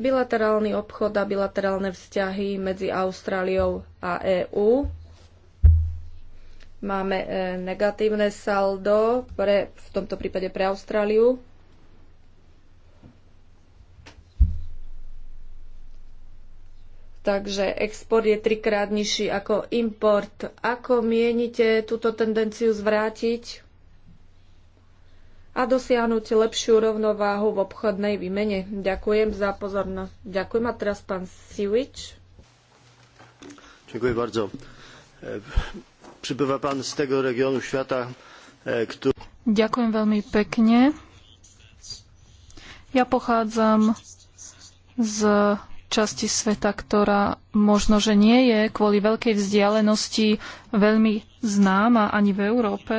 bilaterálny obchod a bilaterálne vzťahy medzi Austráliou a EÚ. Máme e, negatívne saldo pre, v tomto prípade pre Austráliu. Takže export je trikrát nižší ako import. Ako mienite túto tendenciu zvrátiť? a dosiahnuť lepšiu rovnováhu v obchodnej výmene. Ďakujem za pozornosť. Ďakujem a teraz pán Siwicz. Ďakujem bardzo. E, przybywa pan z tego regionu świata, e, który... Ďakujem veľmi pekne. Ja pochádzam z časti sveta, ktorá možno, že nie je kvôli veľkej vzdialenosti veľmi známa ani v Európe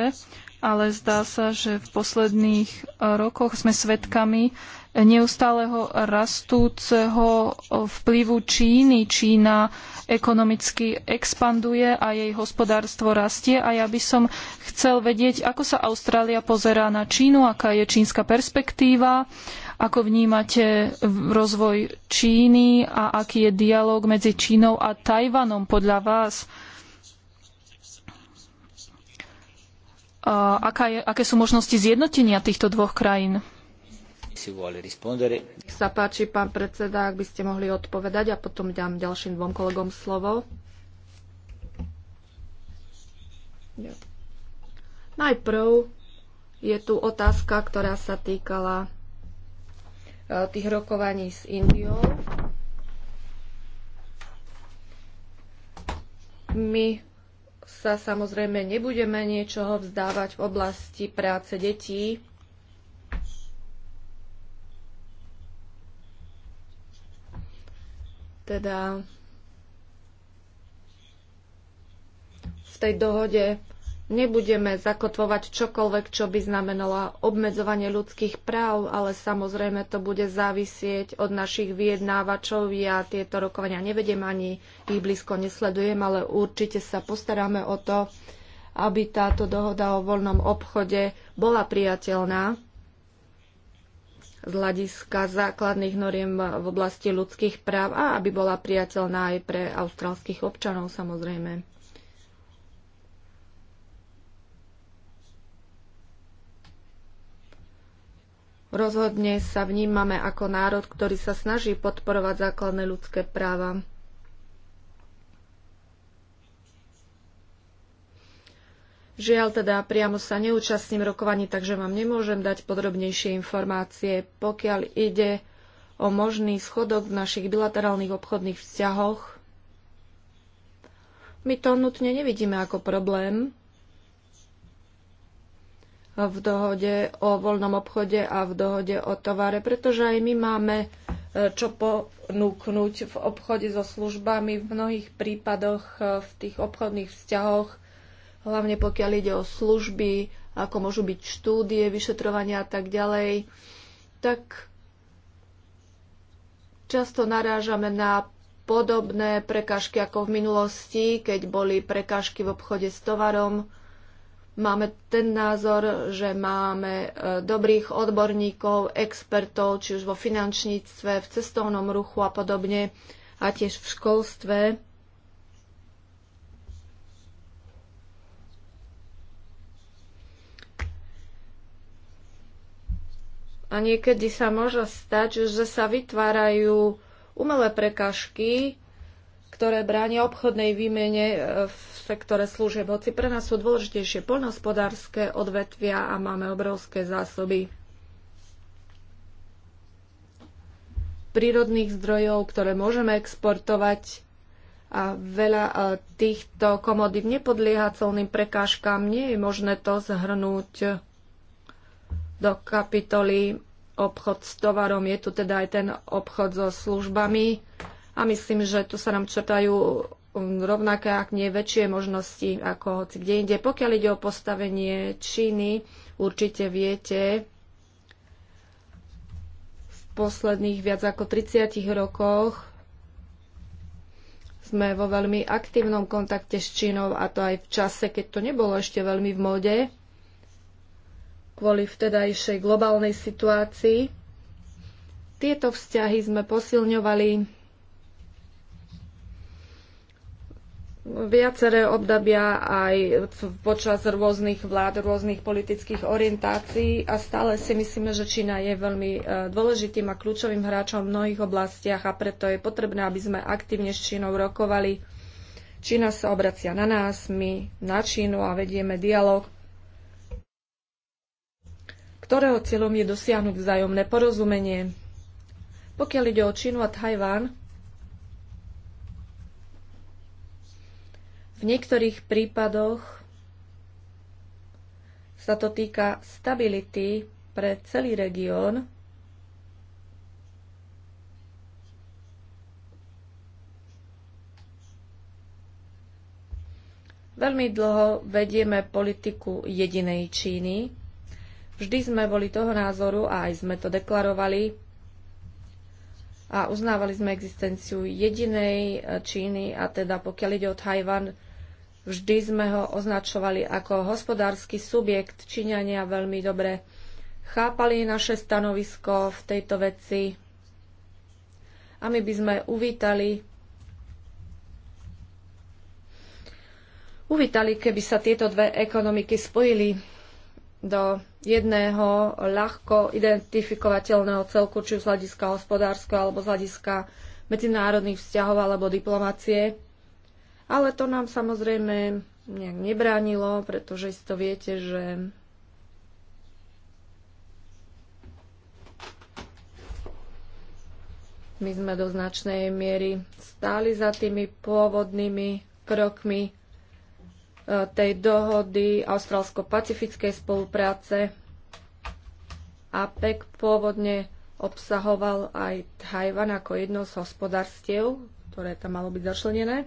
ale zdá sa, že v posledných eh, rokoch sme svedkami neustáleho rastúceho eh, vplyvu Číny. Čína ekonomicky expanduje a jej hospodárstvo rastie a ja by som chcel vedieť, ako sa Austrália pozerá na Čínu, aká je čínska perspektíva, ako vnímate rozvoj Číny a aký je dialóg medzi Čínou a Tajvanom podľa vás. aká je, aké sú možnosti zjednotenia týchto dvoch krajín? Nech sa páči, pán predseda, ak by ste mohli odpovedať a potom dám ďalším dvom kolegom slovo. Najprv je tu otázka, ktorá sa týkala e, tých rokovaní s Indiou. My sa samozrejme nebudeme niečoho vzdávať v oblasti práce detí. Teda v tej dohode Nebudeme zakotvovať čokoľvek, čo by znamenalo obmedzovanie ľudských práv, ale samozrejme to bude závisieť od našich vyjednávačov. Ja tieto rokovania nevedem ani ich blízko nesledujem, ale určite sa postaráme o to, aby táto dohoda o voľnom obchode bola priateľná z hľadiska základných noriem v oblasti ľudských práv a aby bola priateľná aj pre austrálskych občanov samozrejme. Rozhodne sa vnímame ako národ, ktorý sa snaží podporovať základné ľudské práva. Žiaľ teda priamo sa neúčastním rokovaní, takže vám nemôžem dať podrobnejšie informácie. Pokiaľ ide o možný schodok v našich bilaterálnych obchodných vzťahoch, my to nutne nevidíme ako problém, v dohode o voľnom obchode a v dohode o tovare, pretože aj my máme e, čo ponúknuť v obchode so službami v mnohých prípadoch e, v tých obchodných vzťahoch, hlavne pokiaľ ide o služby, ako môžu byť štúdie, vyšetrovania a tak ďalej, tak často narážame na podobné prekážky ako v minulosti, keď boli prekážky v obchode s tovarom, máme ten názor, že máme e, dobrých odborníkov, expertov, či už vo finančníctve, v cestovnom ruchu a podobne, a tiež v školstve. A niekedy sa môže stať, že sa vytvárajú umelé prekažky, ktoré bránia obchodnej výmene e, v sektore služieb, hoci pre nás sú dôležitejšie poľnohospodárske odvetvia a máme obrovské zásoby prírodných zdrojov, ktoré môžeme exportovať a veľa e, týchto komodít nepodlieha celným prekážkám. Nie je možné to zhrnúť do kapitoly obchod s tovarom. Je tu teda aj ten obchod so službami a myslím, že tu sa nám črtajú Um, rovnaké, ak nie väčšie možnosti ako hoci kde inde. Pokiaľ ide o postavenie Číny, určite viete, v posledných viac ako 30 rokoch sme vo veľmi aktívnom kontakte s Čínou a to aj v čase, keď to nebolo ešte veľmi v mode, kvôli vtedajšej globálnej situácii. Tieto vzťahy sme posilňovali viaceré obdobia aj počas rôznych vlád, rôznych politických orientácií a stále si myslíme, že Čína je veľmi e, dôležitým a kľúčovým hráčom v mnohých oblastiach a preto je potrebné, aby sme aktívne s Čínou rokovali. Čína sa obracia na nás, my na Čínu a vedieme dialog, ktorého cieľom je dosiahnuť vzájomné porozumenie. Pokiaľ ide o Čínu a Tajván, V niektorých prípadoch sa to týka stability pre celý región. Veľmi dlho vedieme politiku jedinej Číny. Vždy sme boli toho názoru a aj sme to deklarovali a uznávali sme existenciu jedinej Číny a teda pokiaľ ide o Tajvan, Vždy sme ho označovali ako hospodársky subjekt. Číňania veľmi dobre chápali naše stanovisko v tejto veci. A my by sme uvítali, uvítali, keby sa tieto dve ekonomiky spojili do jedného ľahko identifikovateľného celku, či z hľadiska hospodárskeho alebo z hľadiska medzinárodných vzťahov alebo diplomácie. Ale to nám samozrejme nejak nebránilo, pretože si to viete, že my sme do značnej miery stáli za tými pôvodnými krokmi e, tej dohody austrálsko-pacifickej spolupráce. APEC pôvodne obsahoval aj Tajvan ako jedno z hospodárstiev, ktoré tam malo byť začlenené.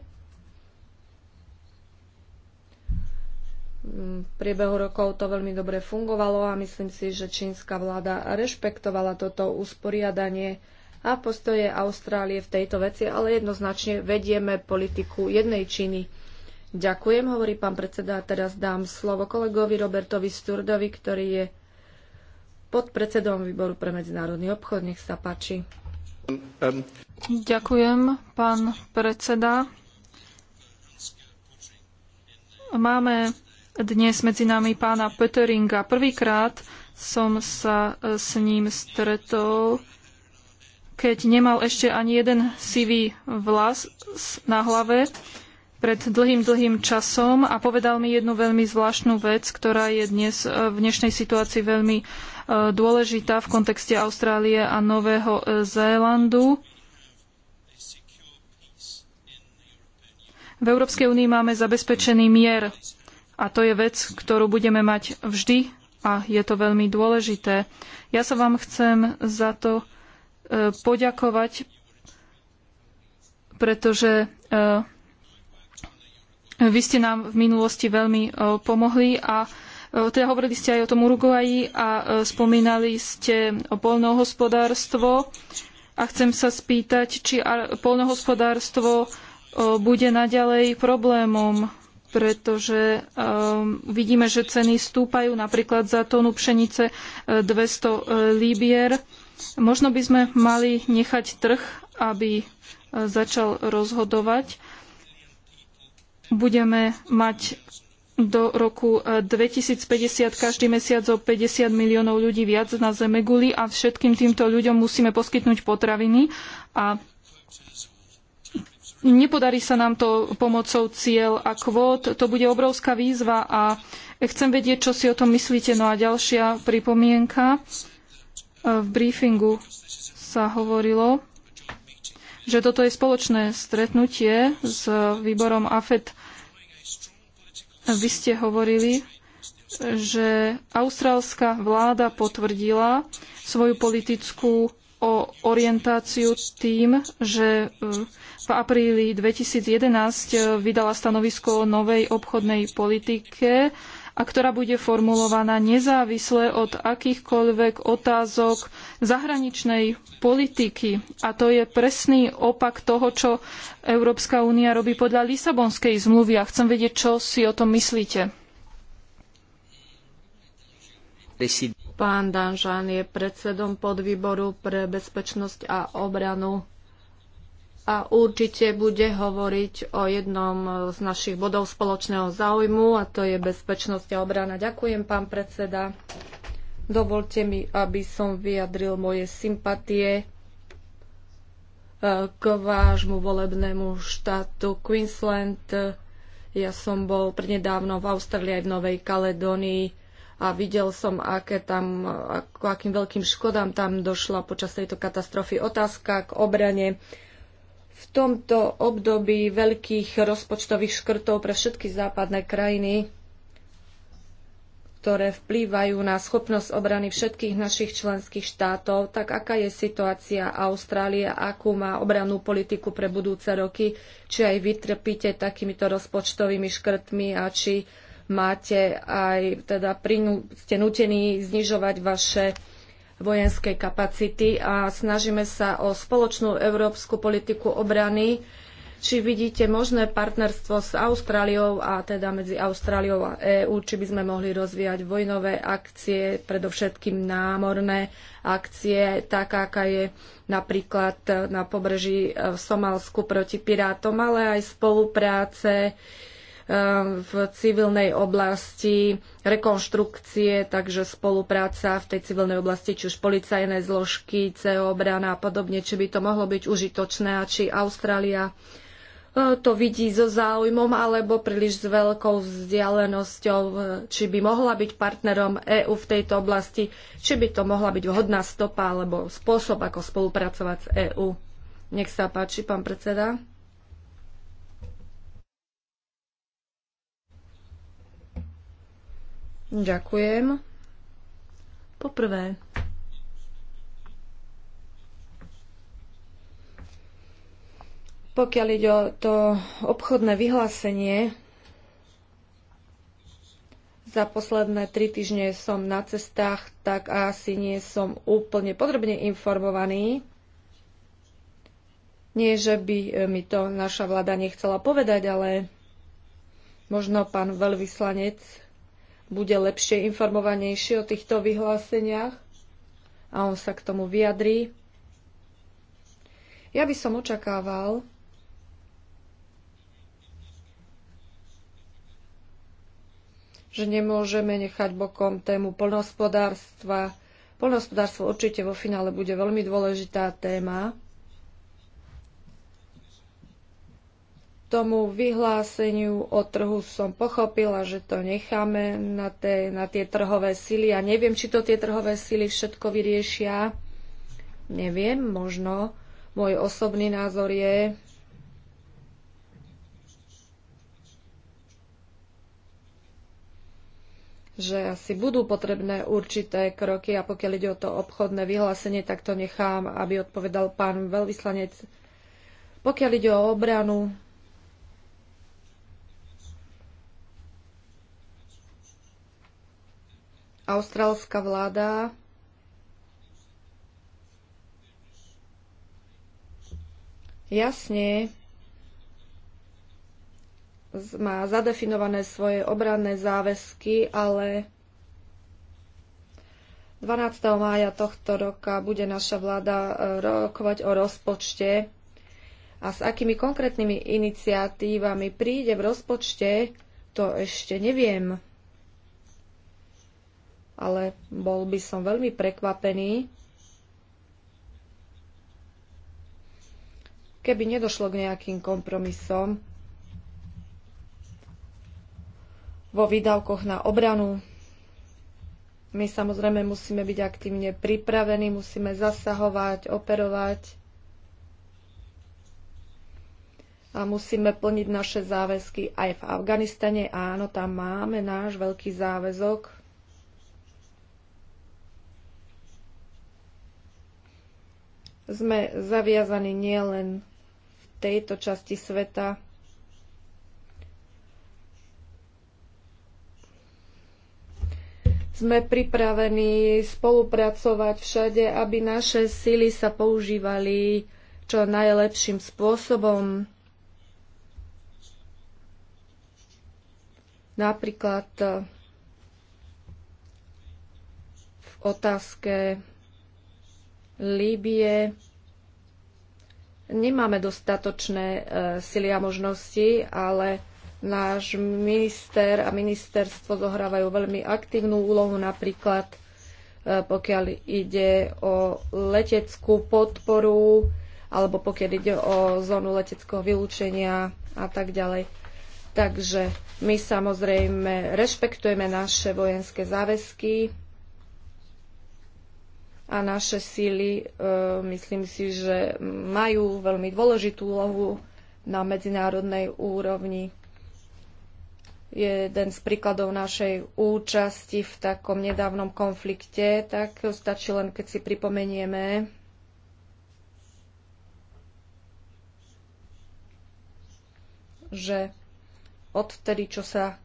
v priebehu rokov to veľmi dobre fungovalo a myslím si, že čínska vláda rešpektovala toto usporiadanie a postoje Austrálie v tejto veci, ale jednoznačne vedieme politiku jednej Číny. Ďakujem, hovorí pán predseda. a Teraz dám slovo kolegovi Robertovi Sturdovi, ktorý je podpredsedom výboru pre medzinárodný obchod. Nech sa páči. Ďakujem, pán predseda. Máme dnes medzi nami pána Peteringa. Prvýkrát som sa e, s ním stretol, keď nemal ešte ani jeden sivý vlas na hlave pred dlhým, dlhým časom a povedal mi jednu veľmi zvláštnu vec, ktorá je dnes e, v dnešnej situácii veľmi e, dôležitá v kontexte Austrálie a Nového Zélandu. V Európskej únii máme zabezpečený mier a to je vec, ktorú budeme mať vždy a je to veľmi dôležité. Ja sa vám chcem za to e, poďakovať, pretože e, vy ste nám v minulosti veľmi e, pomohli a teda hovorili ste aj o tom Uruguayi a spomínali ste poľnohospodárstvo a chcem sa spýtať, či poľnohospodárstvo bude naďalej problémom pretože um, vidíme, že ceny stúpajú napríklad za tónu pšenice 200 uh, uh, libier. Možno by sme mali nechať trh, aby uh, začal rozhodovať. Budeme mať do roku 2050 každý mesiac o 50 miliónov ľudí viac na zemeguli a všetkým týmto ľuďom musíme poskytnúť potraviny a Nepodarí sa nám to pomocou cieľ a kvót. To bude obrovská výzva a chcem vedieť, čo si o tom myslíte. No a ďalšia pripomienka. V briefingu sa hovorilo, že toto je spoločné stretnutie s výborom AFET. Vy ste hovorili, že austrálska vláda potvrdila svoju politickú orientáciu tým, že e, v apríli 2011 eh, vydala stanovisko o novej obchodnej politike a ktorá bude formulovaná nezávisle od akýchkoľvek otázok zahraničnej politiky. A to je presný opak toho, čo Európska únia robí podľa Lisabonskej zmluvy. A chcem vedieť, čo si o tom myslíte. Pán Danžan je predsedom podvýboru pre bezpečnosť a obranu a určite bude hovoriť o jednom z našich bodov spoločného záujmu a to je bezpečnosť a obrana. Ďakujem, pán predseda. Dovolte mi, aby som vyjadril moje sympatie e, k vášmu volebnému štátu Queensland. Ja som bol prednedávno v Austrálii aj v Novej Kaledónii a videl som, aké tam, akým veľkým škodám tam došla počas tejto katastrofy. Otázka k obrane v tomto období veľkých rozpočtových škrtov pre všetky západné krajiny, ktoré vplývajú na schopnosť obrany všetkých našich členských štátov, tak aká je situácia Austrálie, akú má obranú politiku pre budúce roky, či aj vytrpíte takýmito rozpočtovými škrtmi a či máte aj, teda prinú, ste nutení znižovať vaše vojenskej kapacity a snažíme sa o spoločnú európsku politiku obrany. Či vidíte možné partnerstvo s Austráliou a teda medzi Austráliou a EÚ, či by sme mohli rozvíjať vojnové akcie, predovšetkým námorné akcie, taká, aká je napríklad na pobreží v Somálsku proti pirátom, ale aj spolupráce v civilnej oblasti, rekonštrukcie, takže spolupráca v tej civilnej oblasti, či už policajné zložky, CO obrana a podobne, či by to mohlo byť užitočné a či Austrália e, to vidí so záujmom alebo príliš s veľkou vzdialenosťou, e, či by mohla byť partnerom EÚ v tejto oblasti, či by to mohla byť vhodná stopa alebo spôsob, ako spolupracovať s EÚ. Nech sa páči, pán predseda. Ďakujem. Poprvé, pokiaľ ide o to obchodné vyhlásenie, za posledné tri týždne som na cestách, tak asi nie som úplne podrobne informovaný. Nie, že by e, mi to naša vláda nechcela povedať, ale možno pán veľvyslanec bude lepšie informovanejší o týchto vyhláseniach a on sa k tomu vyjadrí. Ja by som očakával, že nemôžeme nechať bokom tému poľnohospodárstva. Polnohospodárstvo určite vo finále bude veľmi dôležitá téma. tomu vyhláseniu o trhu som pochopila, že to necháme na, té, na tie trhové sily. A neviem, či to tie trhové sily všetko vyriešia. Neviem, možno. Môj osobný názor je, že asi budú potrebné určité kroky a pokiaľ ide o to obchodné vyhlásenie, tak to nechám, aby odpovedal pán veľvyslanec. Pokiaľ ide o obranu, austrálska vláda jasne má zadefinované svoje obranné záväzky, ale 12. mája tohto roka bude naša vláda e, rokovať o rozpočte a s akými konkrétnymi iniciatívami príde v rozpočte, to ešte neviem ale bol by som veľmi prekvapený, keby nedošlo k nejakým kompromisom vo výdavkoch na obranu. My samozrejme musíme byť aktívne pripravení, musíme zasahovať, operovať a musíme plniť naše záväzky aj v Afganistane. Áno, tam máme náš veľký záväzok sme zaviazaní nielen v tejto časti sveta, sme pripravení spolupracovať všade, aby naše sily sa používali čo najlepším spôsobom. Napríklad v otázke Líbie nemáme dostatočné e, sily a možnosti, ale náš minister a ministerstvo zohrávajú veľmi aktívnu úlohu, napríklad e, pokiaľ ide o leteckú podporu alebo pokiaľ ide o zónu leteckého vylúčenia a tak ďalej. Takže my samozrejme rešpektujeme naše vojenské záväzky a naše síly, e, myslím si, že majú veľmi dôležitú úlohu na medzinárodnej úrovni. Jeden z príkladov našej účasti v takom nedávnom konflikte, tak stačí len, keď si pripomenieme, že odtedy, čo sa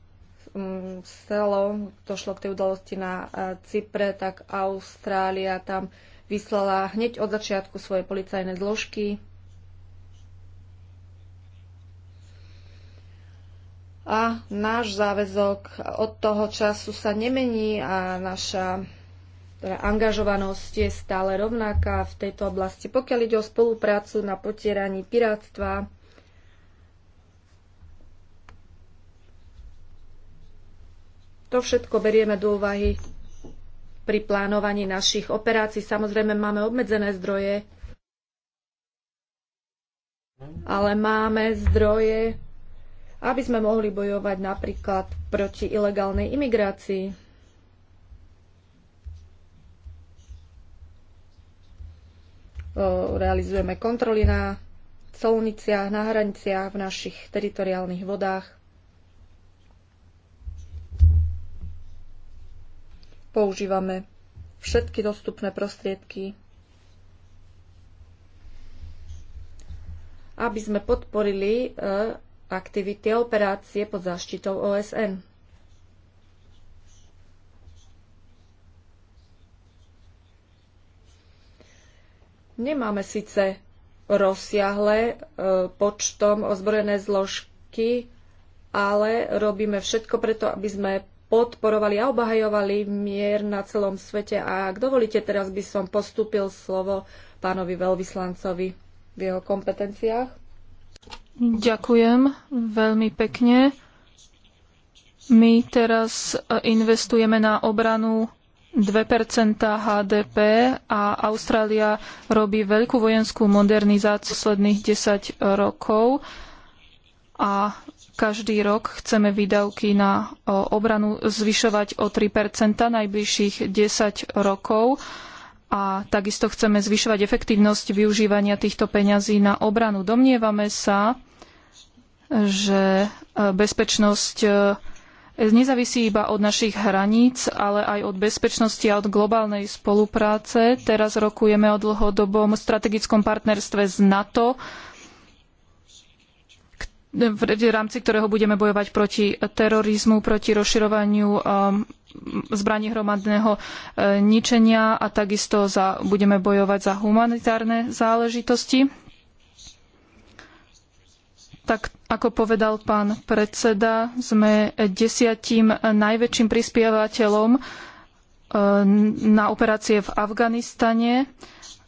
stalo, došlo k tej udalosti na e, Cypre, tak Austrália tam vyslala hneď od začiatku svoje policajné zložky. A náš záväzok od toho času sa nemení a naša teda angažovanosť je stále rovnaká v tejto oblasti. Pokiaľ ide o spoluprácu na potieraní pirátstva, To všetko berieme do úvahy pri plánovaní našich operácií. Samozrejme, máme obmedzené zdroje, ale máme zdroje, aby sme mohli bojovať napríklad proti ilegálnej imigrácii. Realizujeme kontroly na colniciach, na hraniciach, v našich teritoriálnych vodách. používame všetky dostupné prostriedky, aby sme podporili e, aktivity a operácie pod záštitou OSN. Nemáme síce rozsiahle e, počtom ozbrojené zložky, ale robíme všetko preto, aby sme podporovali a obhajovali mier na celom svete. A ak dovolíte, teraz by som postúpil slovo pánovi veľvyslancovi v jeho kompetenciách. Ďakujem veľmi pekne. My teraz e, investujeme na obranu 2 HDP a Austrália robí veľkú vojenskú modernizáciu posledných 10 rokov a každý rok chceme výdavky na obranu zvyšovať o 3 najbližších 10 rokov a takisto chceme zvyšovať efektívnosť využívania týchto peňazí na obranu. Domnievame sa, že e, bezpečnosť e, nezávisí iba od našich hraníc, ale aj od bezpečnosti a od globálnej spolupráce. Teraz rokujeme o dlhodobom strategickom partnerstve s NATO v rámci ktorého budeme bojovať proti terorizmu, proti rozširovaniu um, zbraní hromadného e, ničenia a takisto za, budeme bojovať za humanitárne záležitosti. Tak ako povedal pán predseda, sme desiatim najväčším prispievateľom e, na operácie v Afganistane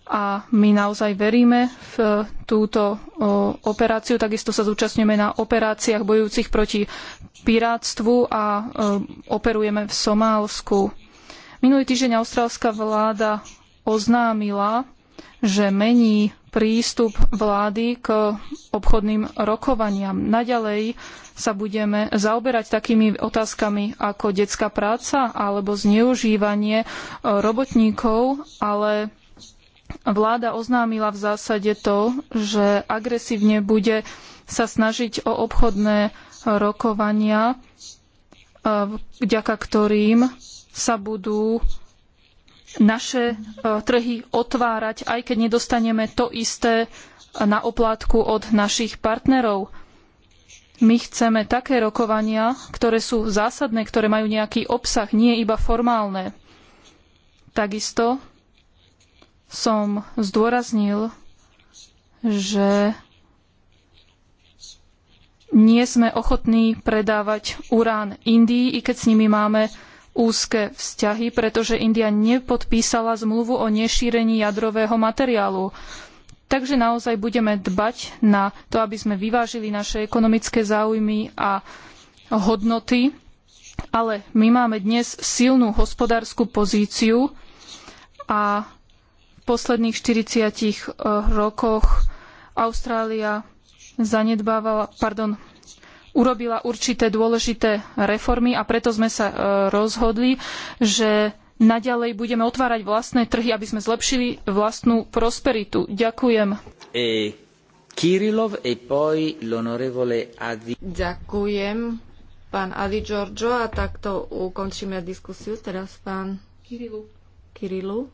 a my naozaj veríme v e, túto operáciu. Takisto sa zúčastňujeme na operáciách bojujúcich proti pirátstvu a e, operujeme v Somálsku. Minulý týždeň austrálska vláda oznámila, že mení prístup vlády k obchodným rokovaniam. Naďalej sa budeme zaoberať takými otázkami ako detská práca alebo zneužívanie e, robotníkov, ale vláda oznámila v zásade to, že agresívne bude sa snažiť o obchodné rokovania, e, vďaka ktorým sa budú naše e, trhy otvárať, aj keď nedostaneme to isté na oplátku od našich partnerov. My chceme také rokovania, ktoré sú zásadné, ktoré majú nejaký obsah, nie iba formálne. Takisto som zdôraznil, že nie sme ochotní predávať urán Indii, i keď s nimi máme úzke vzťahy, pretože India nepodpísala zmluvu o nešírení jadrového materiálu. Takže naozaj budeme dbať na to, aby sme vyvážili naše ekonomické záujmy a hodnoty, ale my máme dnes silnú hospodársku pozíciu a posledných 40 eh, rokoch Austrália zanedbávala, pardon, urobila určité dôležité reformy a preto sme sa eh, rozhodli, že naďalej budeme otvárať vlastné trhy, aby sme zlepšili vlastnú prosperitu. Ďakujem. E, Kirilov, e Adi... Ďakujem, pán Adi Giorgio, a takto ukončíme diskusiu. Teraz pán Kirilu. Kirilu.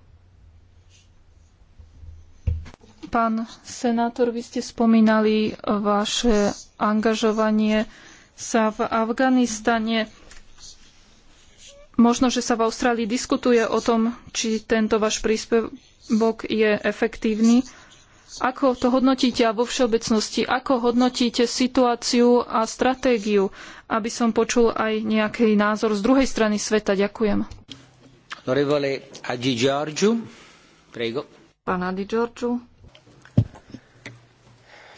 Pán senátor, vy ste spomínali e, vaše angažovanie sa v Afganistane. Možno, že sa v Austrálii diskutuje o tom, či tento váš príspevok je efektívny. Ako to hodnotíte a vo všeobecnosti, ako hodnotíte situáciu a stratégiu, aby som počul aj nejaký názor z druhej strany sveta? Ďakujem. Pán Adi Giorgio.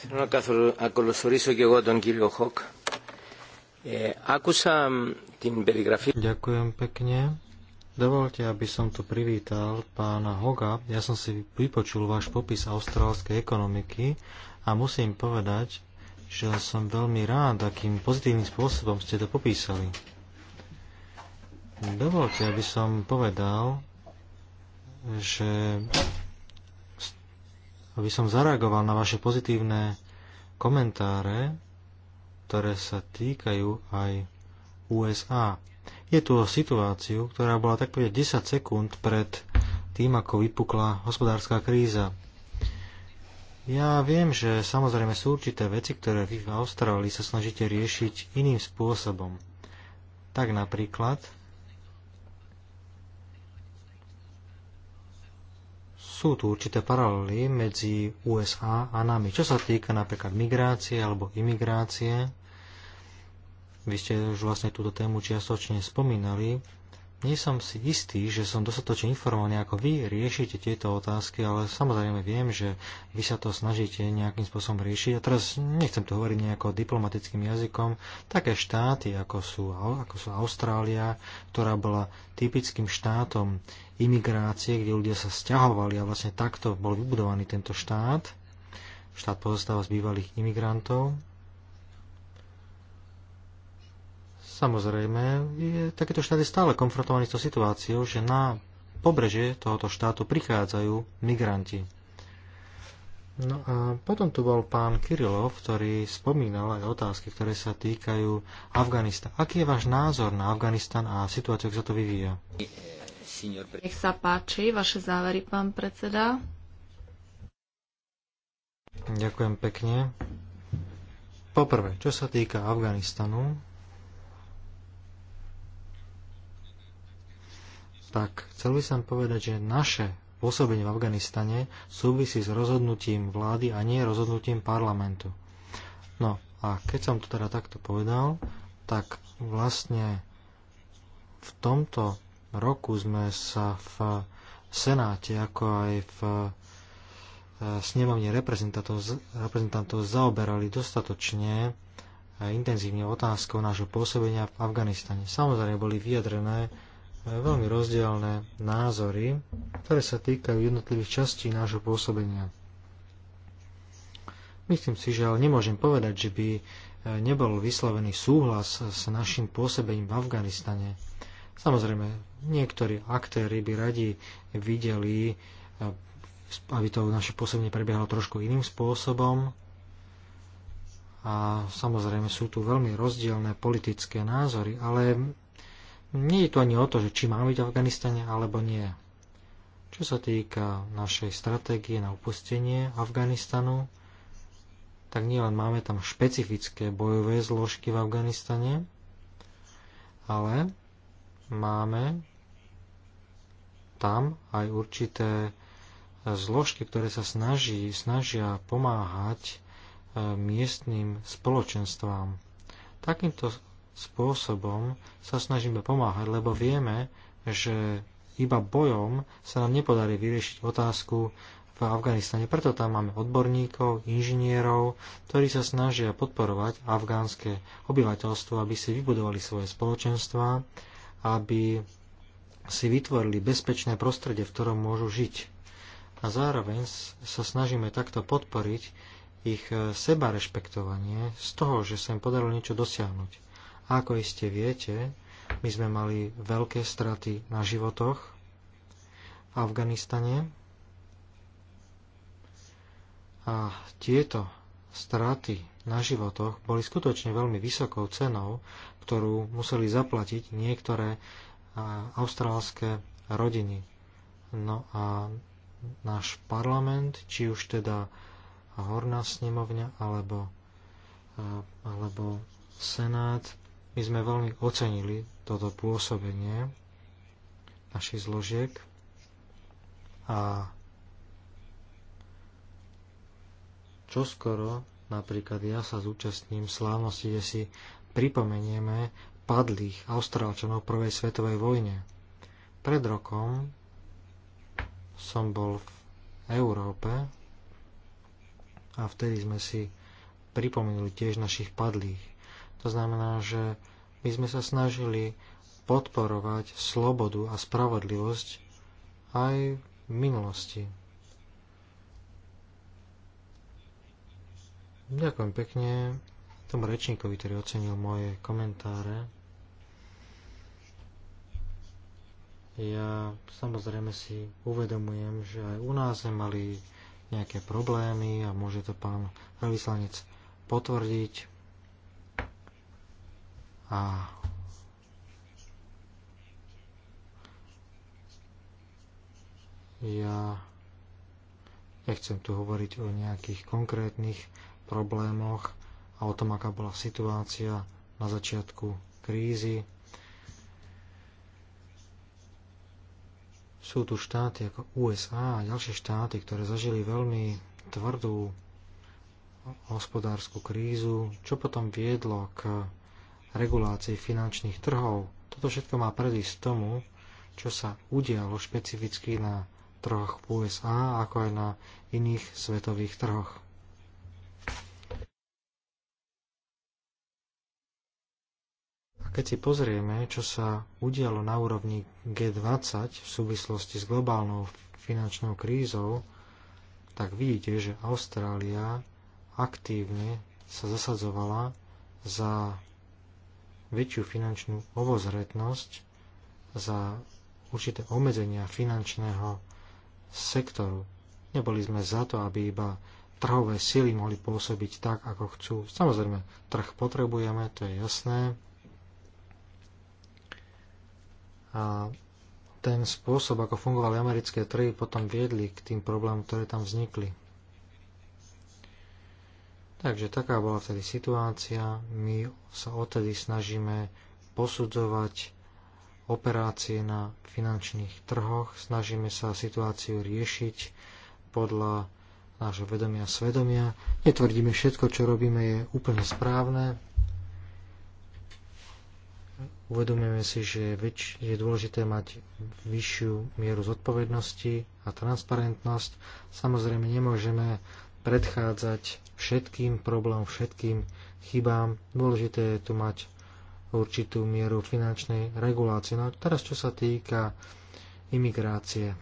Θέλω να ακολουθήσω και εγώ τον κύριο Χοκ. Ε, άκουσα την περιγραφή... Ďakujem pekne. Dovolte, aby som tu privítal pána Hoga. Ja som si vypočul váš popis austrálskej ekonomiky a musím povedať, že som veľmi rád, akým pozitívnym spôsobom ste to popísali. Dovolte, aby som povedal, že aby som zareagoval na vaše pozitívne komentáre, ktoré sa týkajú aj USA. Je tu o situáciu, ktorá bola tak povedať 10 sekúnd pred tým, ako vypukla hospodárska kríza. Ja viem, že samozrejme sú určité veci, ktoré vy v Austrálii sa snažíte riešiť iným spôsobom. Tak napríklad sú tu určité paralely medzi USA a nami. Čo sa týka napríklad migrácie alebo imigrácie, vy ste už vlastne túto tému čiastočne spomínali, nie som si istý, že som dostatočne informovaný, ako vy riešite tieto otázky, ale samozrejme viem, že vy sa to snažíte nejakým spôsobom riešiť. A teraz nechcem to hovoriť nejako diplomatickým jazykom. Také štáty, ako sú, ako sú Austrália, ktorá bola typickým štátom imigrácie, kde ľudia sa stiahovali a vlastne takto bol vybudovaný tento štát. Štát pozostáva z bývalých imigrantov, Samozrejme, je takéto štáty stále konfrontovaný s tou situáciou, že na pobreže tohoto štátu prichádzajú migranti. No a potom tu bol pán Kirilov, ktorý spomínal aj otázky, ktoré sa týkajú Afganistana. Aký je váš názor na Afganistan a situáciu, ako sa to vyvíja? Nech sa páči, vaše závery, pán predseda. Ďakujem pekne. Poprvé, čo sa týka Afganistanu, tak chcel by som povedať, že naše pôsobenie v Afganistane súvisí s rozhodnutím vlády a nie rozhodnutím parlamentu. No a keď som to teda takto povedal, tak vlastne v tomto roku sme sa v Senáte, ako aj v e, snemovne reprezentantov, reprezentantov zaoberali dostatočne a e, intenzívne otázkou nášho pôsobenia v Afganistane. Samozrejme boli vyjadrené veľmi rozdielne názory, ktoré sa týkajú jednotlivých častí nášho pôsobenia. Myslím si, že ale nemôžem povedať, že by e, nebol vyslovený súhlas s našim pôsobením v Afganistane. Samozrejme, niektorí aktéry by radi videli, e, aby to naše pôsobenie prebiehalo trošku iným spôsobom. A samozrejme sú tu veľmi rozdielne politické názory, ale nie je to ani o to, že či máme byť v Afganistane alebo nie. Čo sa týka našej stratégie na upustenie Afganistanu, tak nielen máme tam špecifické bojové zložky v Afganistane, ale máme tam aj určité zložky, ktoré sa snaží, snažia pomáhať e, miestnym spoločenstvám. Takýmto spôsobom sa snažíme pomáhať, lebo vieme, že iba bojom sa nám nepodarí vyriešiť otázku v Afganistane. Preto tam máme odborníkov, inžinierov, ktorí sa snažia podporovať afgánske obyvateľstvo, aby si vybudovali svoje spoločenstva, aby si vytvorili bezpečné prostredie, v ktorom môžu žiť. A zároveň sa snažíme takto podporiť ich sebarešpektovanie z toho, že sa im podarilo niečo dosiahnuť. Ako iste viete, my sme mali veľké straty na životoch v Afganistane a tieto straty na životoch boli skutočne veľmi vysokou cenou, ktorú museli zaplatiť niektoré austrálske rodiny. No a náš parlament, či už teda horná snemovňa alebo, alebo senát my sme veľmi ocenili toto pôsobenie našich zložiek a čoskoro napríklad ja sa zúčastním slávnosti, kde si pripomenieme padlých Austrálčanov v prvej svetovej vojne. Pred rokom som bol v Európe a vtedy sme si pripomenuli tiež našich padlých. To znamená, že my sme sa snažili podporovať slobodu a spravodlivosť aj v minulosti. Ďakujem pekne tomu rečníkovi, ktorý ocenil moje komentáre. Ja samozrejme si uvedomujem, že aj u nás sme mali nejaké problémy a môže to pán vyslanec potvrdiť. A ja nechcem tu hovoriť o nejakých konkrétnych problémoch a o tom, aká bola situácia na začiatku krízy. Sú tu štáty ako USA a ďalšie štáty, ktoré zažili veľmi tvrdú hospodárskú krízu, čo potom viedlo k regulácii finančných trhov. Toto všetko má predísť tomu, čo sa udialo špecificky na trhoch v USA, ako aj na iných svetových trhoch. keď si pozrieme, čo sa udialo na úrovni G20 v súvislosti s globálnou finančnou krízou, tak vidíte, že Austrália aktívne sa zasadzovala za väčšiu finančnú obozretnosť za určité obmedzenia finančného sektoru. Neboli sme za to, aby iba trhové sily mohli pôsobiť tak, ako chcú. Samozrejme, trh potrebujeme, to je jasné. A ten spôsob, ako fungovali americké trhy, potom viedli k tým problémom, ktoré tam vznikli. Takže taká bola vtedy situácia. My sa odtedy snažíme posudzovať operácie na finančných trhoch, snažíme sa situáciu riešiť podľa nášho vedomia a svedomia. Netvrdíme všetko, čo robíme, je úplne správne. Uvedomujeme si, že je, je dôležité mať vyššiu mieru zodpovednosti a transparentnosť. Samozrejme nemôžeme predchádzať všetkým problémom, všetkým chybám. Dôležité je tu mať určitú mieru finančnej regulácie. No teraz, čo sa týka imigrácie.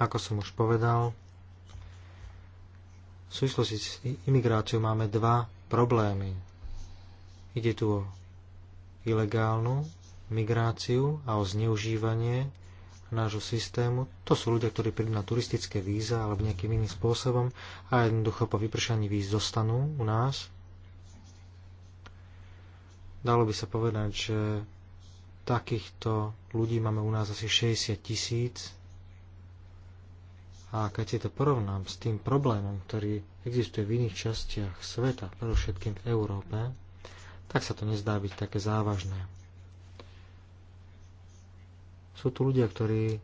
Ako som už povedal, v súvislosti s imigráciou máme dva problémy. Ide tu o ilegálnu migráciu a o zneužívanie nášho systému. To sú ľudia, ktorí prídu na turistické víza alebo nejakým iným spôsobom a jednoducho po vypršaní víz zostanú u nás. Dalo by sa povedať, že takýchto ľudí máme u nás asi 60 tisíc. A keď si to porovnám s tým problémom, ktorý existuje v iných častiach sveta, predovšetkým v Európe, tak sa to nezdá byť také závažné. Sú tu ľudia, ktorí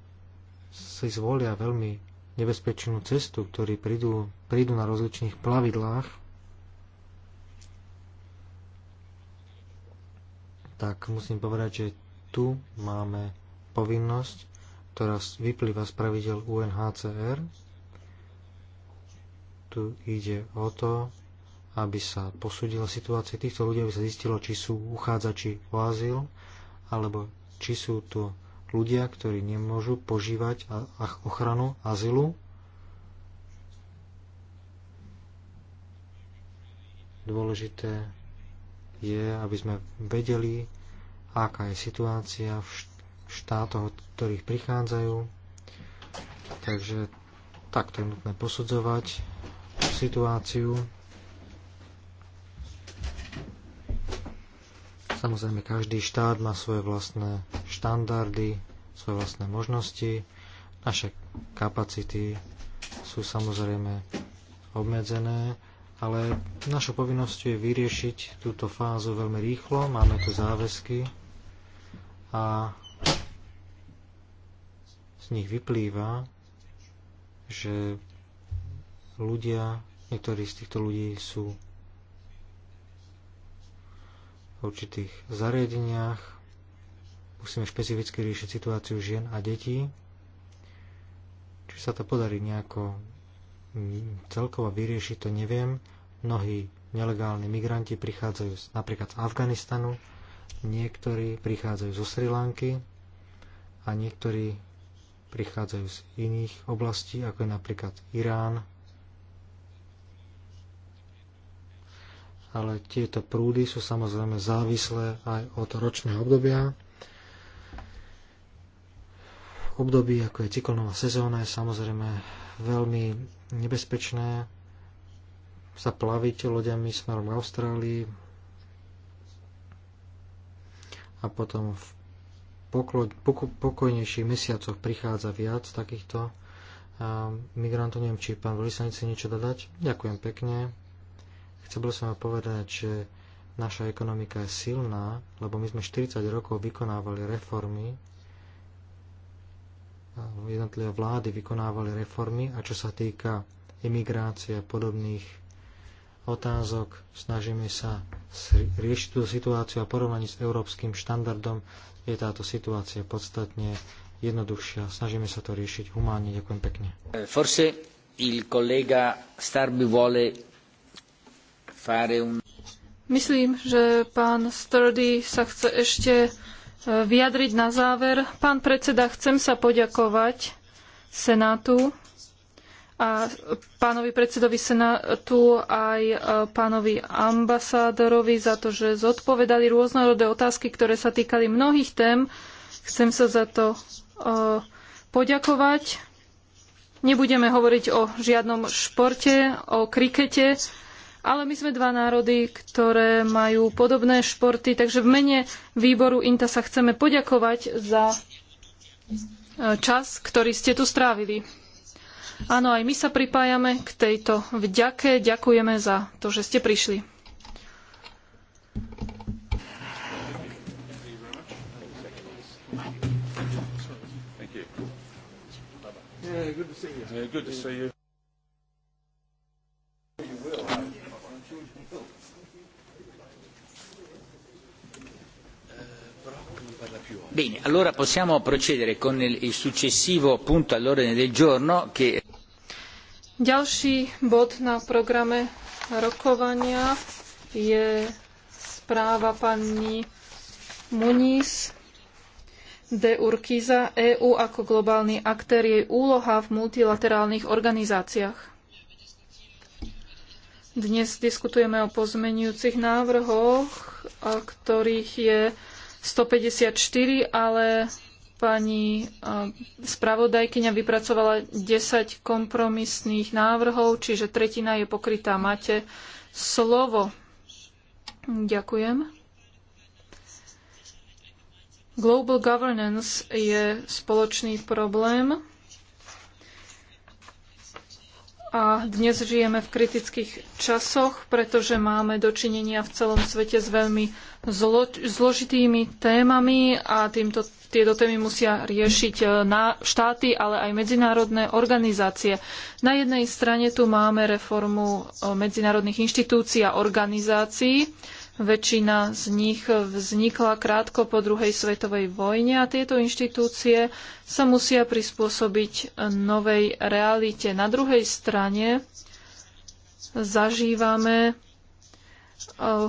si zvolia veľmi nebezpečnú cestu, ktorí prídu, prídu na rozličných plavidlách, tak musím povedať, že tu máme povinnosť, ktorá vyplýva z pravidel UNHCR. Tu ide o to, aby sa posúdila situácia týchto ľudí, aby sa zistilo, či sú uchádzači o azyl, alebo či sú tu ľudia, ktorí nemôžu požívať ochranu azylu. Dôležité je, aby sme vedeli, aká je situácia v štátoch, od ktorých prichádzajú. Takže takto je nutné posudzovať situáciu. Samozrejme, každý štát má svoje vlastné štandardy, svoje vlastné možnosti. Naše kapacity sú samozrejme obmedzené, ale našou povinnosťou je vyriešiť túto fázu veľmi rýchlo. Máme tu záväzky a z nich vyplýva, že ľudia, niektorí z týchto ľudí sú v určitých zariadeniach, Musíme špecificky riešiť situáciu žien a detí. Či sa to podarí nejako celkovo vyriešiť, to neviem. Mnohí nelegálni migranti prichádzajú napríklad z Afganistanu, niektorí prichádzajú zo Sri Lanky a niektorí prichádzajú z iných oblastí, ako je napríklad Irán. Ale tieto prúdy sú samozrejme závislé aj od ročného obdobia období, ako je cyklonová sezóna, je samozrejme veľmi nebezpečné sa plaviť loďami smerom k Austrálii a potom v poklo, poko, pokojnejších mesiacoch prichádza viac takýchto migrantov. Neviem, či pán Vlisanic chce niečo dodať. Ďakujem pekne. Chcel by som vám povedať, že naša ekonomika je silná, lebo my sme 40 rokov vykonávali reformy jednotlivé vlády vykonávali reformy a čo sa týka imigrácie a podobných otázok, snažíme sa riešiť tú situáciu a porovnaní s európskym štandardom je táto situácia podstatne jednoduchšia. Snažíme sa to riešiť humánne. Ďakujem pekne. Eh, forse il kolega Starby vole fare un... Myslím, že pán Sturdy sa chce ešte vyjadriť na záver. Pán predseda, chcem sa poďakovať Senátu a pánovi predsedovi Senátu aj e, pánovi ambasádorovi za to, že zodpovedali rôznorodé otázky, ktoré sa týkali mnohých tém. Chcem sa za to e, poďakovať. Nebudeme hovoriť o žiadnom športe, o krikete, ale my sme dva národy, ktoré majú podobné športy, takže v mene výboru INTA sa chceme poďakovať za e, čas, ktorý ste tu strávili. Áno, aj my sa pripájame k tejto vďake. Ďakujeme za to, že ste prišli. Yeah, good to see you. Yeah, good to see you. Bene, allora possiamo procedere con il il successivo punto all'ordine del giorno che... Ďalší bod na programe rokovania je správa pani Muniz de Urquiza EU ako globálny aktér jej úloha v multilaterálnych organizáciách. Dnes diskutujeme o pozmenujúcich návrhoch, ktorých je 154, ale pani spravodajkyňa vypracovala 10 kompromisných návrhov, čiže tretina je pokrytá. Máte slovo. Ďakujem. Global governance je spoločný problém a dnes žijeme v kritických časoch, pretože máme dočinenia v celom svete s veľmi zlo, zložitými témami a týmto, tieto témy musia riešiť e, na štáty, ale aj medzinárodné organizácie. Na jednej strane tu máme reformu e, medzinárodných inštitúcií a organizácií, Väčšina z nich vznikla krátko po druhej svetovej vojne a tieto inštitúcie sa musia prispôsobiť novej realite. Na druhej strane zažívame e,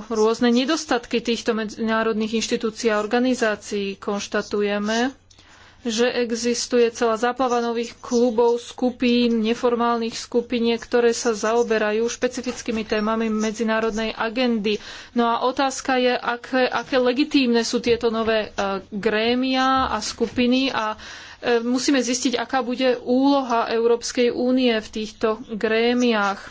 rôzne nedostatky týchto medzinárodných inštitúcií a organizácií. Konštatujeme, že existuje celá záplava nových klubov, skupín, neformálnych skupiniek, ktoré sa zaoberajú špecifickými témami medzinárodnej agendy. No a otázka je, aké, aké legitímne sú tieto nové e, grémia a skupiny a e, musíme zistiť, aká bude úloha Európskej únie v týchto grémiách.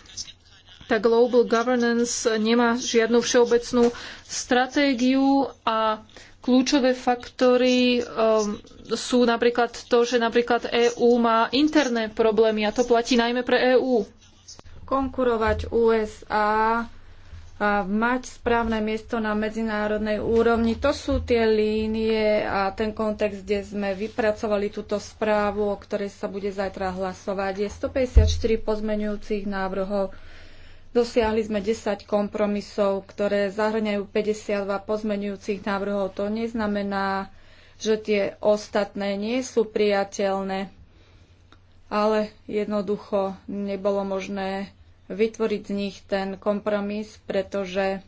Tá global governance nemá žiadnu všeobecnú stratégiu a Kľúčové faktory um, sú napríklad to, že napríklad EÚ má interné problémy a to platí najmä pre EÚ. Konkurovať USA, a mať správne miesto na medzinárodnej úrovni, to sú tie línie a ten kontext, kde sme vypracovali túto správu, o ktorej sa bude zajtra hlasovať. Je 154 pozmenujúcich návrhov Dosiahli sme 10 kompromisov, ktoré zahrňajú 52 pozmenujúcich návrhov. To neznamená, že tie ostatné nie sú priateľné, ale jednoducho nebolo možné vytvoriť z nich ten kompromis, pretože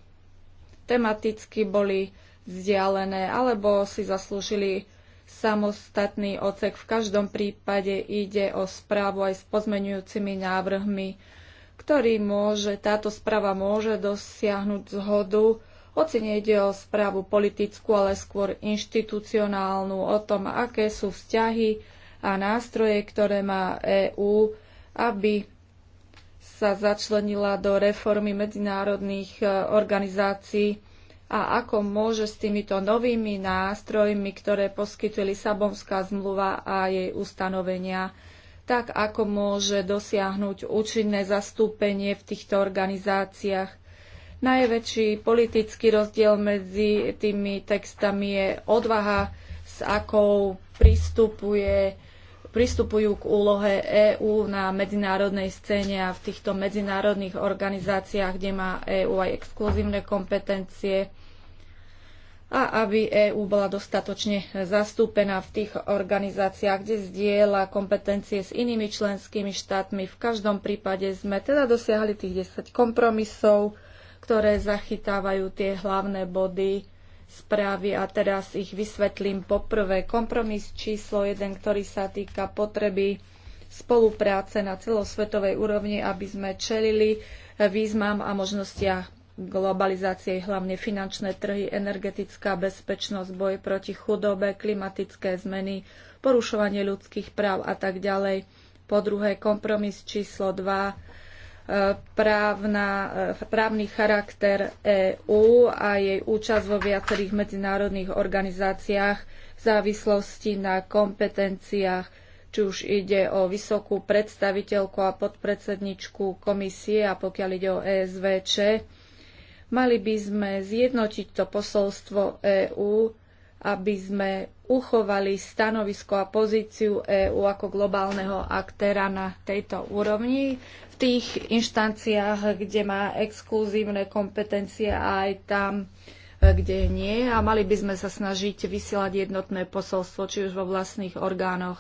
tematicky boli vzdialené alebo si zaslúžili samostatný ocek. V každom prípade ide o správu aj s pozmenujúcimi návrhmi ktorý môže, táto správa môže dosiahnuť zhodu, hoci nejde o správu politickú, ale skôr inštitucionálnu, o tom, aké sú vzťahy a nástroje, ktoré má EÚ, aby sa začlenila do reformy medzinárodných e, organizácií a ako môže s týmito novými nástrojmi, ktoré poskytuje Lisabonská zmluva a jej ustanovenia, tak ako môže dosiahnuť účinné zastúpenie v týchto organizáciách. Najväčší politický rozdiel medzi tými textami je odvaha, s akou pristupuje, pristupujú k úlohe EÚ na medzinárodnej scéne a v týchto medzinárodných organizáciách, kde má EÚ aj exkluzívne kompetencie a aby EÚ bola dostatočne zastúpená v tých organizáciách, kde zdieľa kompetencie s inými členskými štátmi. V každom prípade sme teda dosiahli tých 10 kompromisov, ktoré zachytávajú tie hlavné body správy a teraz ich vysvetlím. Poprvé kompromis číslo 1, ktorý sa týka potreby spolupráce na celosvetovej úrovni, aby sme čelili výzvam a možnostiach globalizácie, hlavne finančné trhy, energetická bezpečnosť, boj proti chudobe, klimatické zmeny, porušovanie ľudských práv a tak ďalej. Po druhé, kompromis číslo 2, e, právna, e, právny charakter EÚ a jej účasť vo viacerých medzinárodných organizáciách v závislosti na kompetenciách či už ide o vysokú predstaviteľku a podpredsedničku komisie a pokiaľ ide o ESVČ, Mali by sme zjednotiť to posolstvo EÚ, aby sme uchovali stanovisko a pozíciu EÚ ako globálneho aktéra na tejto úrovni v tých inštanciách, kde má exkluzívne kompetencie a aj tam, e, kde nie. A mali by sme sa snažiť vysielať jednotné posolstvo, či už vo vlastných orgánoch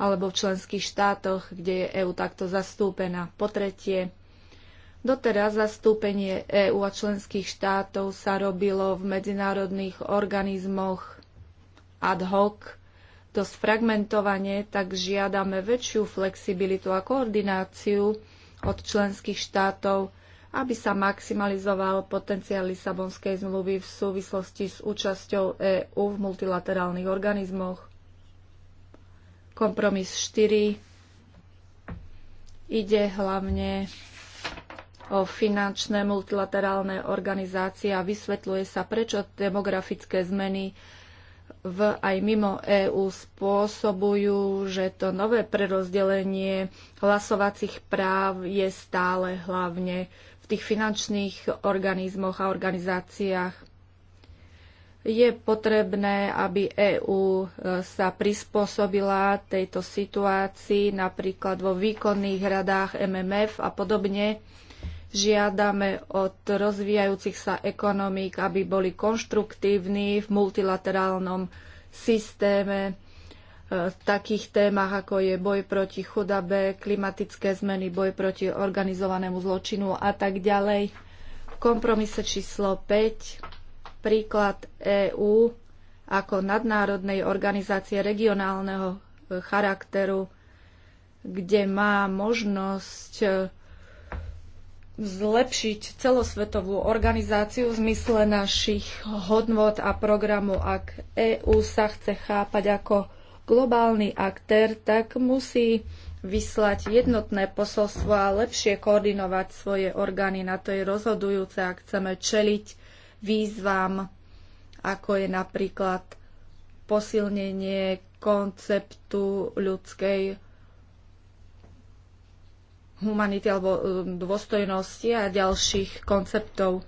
alebo v členských štátoch, kde je EÚ takto zastúpená. Po tretie, Doteraz zastúpenie EÚ a členských štátov sa robilo v medzinárodných organizmoch ad hoc, dosť sfragmentovanie, tak žiadame väčšiu flexibilitu a koordináciu od členských štátov, aby sa maximalizoval potenciál Lisabonskej zmluvy v súvislosti s účasťou EÚ v multilaterálnych organizmoch. Kompromis 4 ide hlavne finančné multilaterálne organizácie a vysvetľuje sa, prečo demografické zmeny v aj mimo EÚ spôsobujú, že to nové prerozdelenie hlasovacích práv je stále hlavne v tých finančných organizmoch a organizáciách je potrebné, aby EÚ e, sa prispôsobila tejto situácii, napríklad vo výkonných radách MMF a podobne. Žiadame od rozvíjajúcich sa ekonomík, aby boli konštruktívni v multilaterálnom systéme, e, v takých témach, ako je boj proti chudabe, klimatické zmeny, boj proti organizovanému zločinu a tak ďalej. V kompromise číslo 5 príklad EÚ ako nadnárodnej organizácie regionálneho e, charakteru, kde má možnosť e, zlepšiť celosvetovú organizáciu v zmysle našich hodnot a programu. Ak EÚ sa chce chápať ako globálny aktér, tak musí vyslať jednotné posolstvo a lepšie koordinovať svoje orgány. Na to je rozhodujúce, ak chceme čeliť výzvam, ako je napríklad posilnenie konceptu ľudskej humanity alebo e, dôstojnosti a ďalších konceptov.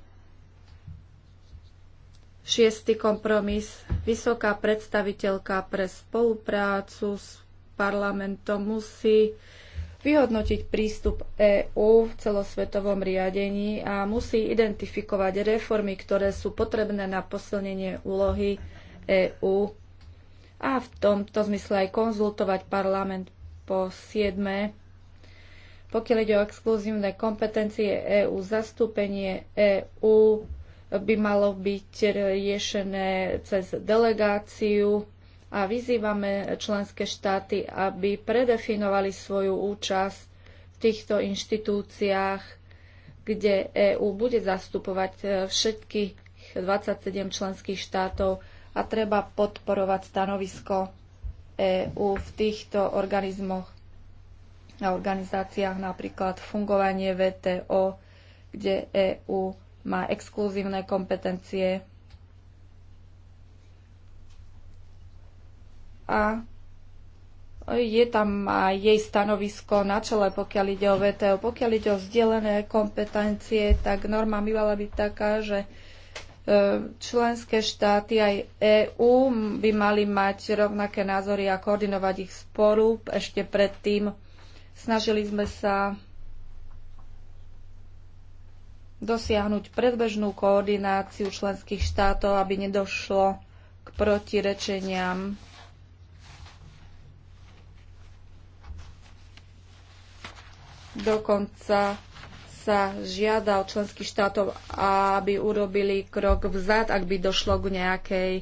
Šiestý kompromis. Vysoká predstaviteľka pre spoluprácu s parlamentom musí vyhodnotiť prístup EÚ v celosvetovom riadení a musí identifikovať reformy, ktoré sú potrebné na posilnenie úlohy EÚ a v tomto zmysle aj konzultovať parlament po 7 pokiaľ ide o exkluzívne kompetencie EÚ, zastúpenie EÚ by malo byť riešené cez delegáciu a vyzývame členské štáty, aby predefinovali svoju účasť v týchto inštitúciách, kde EÚ bude zastupovať e, všetkých 27 členských štátov a treba podporovať stanovisko EÚ v týchto organizmoch na organizáciách, napríklad fungovanie VTO, kde EÚ má exkluzívne kompetencie a je tam aj jej stanovisko na čele, pokiaľ ide o VTO. Pokiaľ ide o vzdielené kompetencie, tak norma by mala byť taká, že e, členské štáty aj EÚ by mali mať rovnaké názory a koordinovať ich sporu ešte predtým, Snažili sme sa dosiahnuť predbežnú koordináciu členských štátov, aby nedošlo k protirečeniam. Dokonca sa žiada od členských štátov, aby urobili krok vzad, ak by došlo k nejakej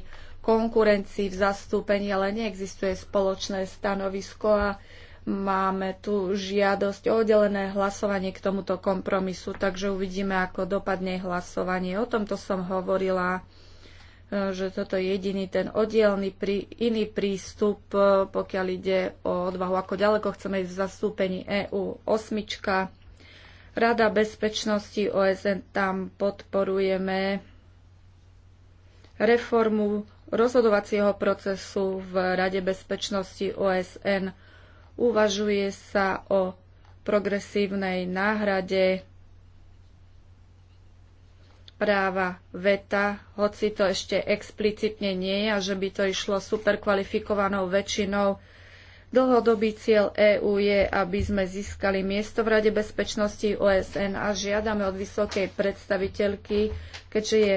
konkurencii v zastúpení, ale neexistuje spoločné stanovisko a Máme tu žiadosť o oddelené hlasovanie k tomuto kompromisu, takže uvidíme, ako dopadne hlasovanie. O tomto som hovorila, e, že toto je jediný ten oddelný prí, iný prístup, e, pokiaľ ide o odvahu, ako ďaleko chceme ísť v zastúpení EU 8. Rada bezpečnosti OSN tam podporujeme reformu rozhodovacieho procesu v Rade bezpečnosti OSN uvažuje sa o progresívnej náhrade práva veta, hoci to ešte explicitne nie je a že by to išlo superkvalifikovanou väčšinou. Dlhodobý cieľ EÚ je, aby sme získali miesto v Rade bezpečnosti OSN a žiadame od vysokej predstaviteľky, keďže je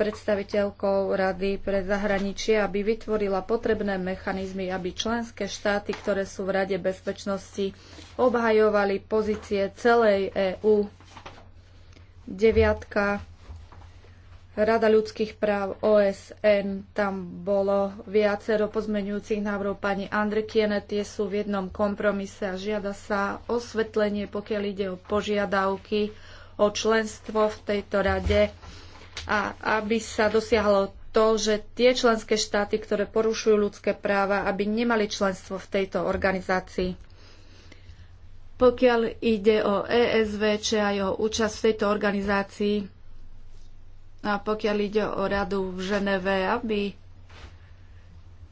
predstaviteľkou Rady pre zahraničie, aby vytvorila potrebné mechanizmy, aby členské štáty, ktoré sú v Rade bezpečnosti, obhajovali pozície celej EÚ. Deviatka. Rada ľudských práv OSN, tam bolo viacero pozmeňujúcich návrhov pani Andrekiene, tie sú v jednom kompromise a žiada sa osvetlenie, pokiaľ ide o požiadavky o členstvo v tejto rade a aby sa dosiahlo to, že tie členské štáty, ktoré porušujú ľudské práva, aby nemali členstvo v tejto organizácii. Pokiaľ ide o ESVČ a jeho účasť v tejto organizácii, a pokiaľ ide o radu v Ženeve, aby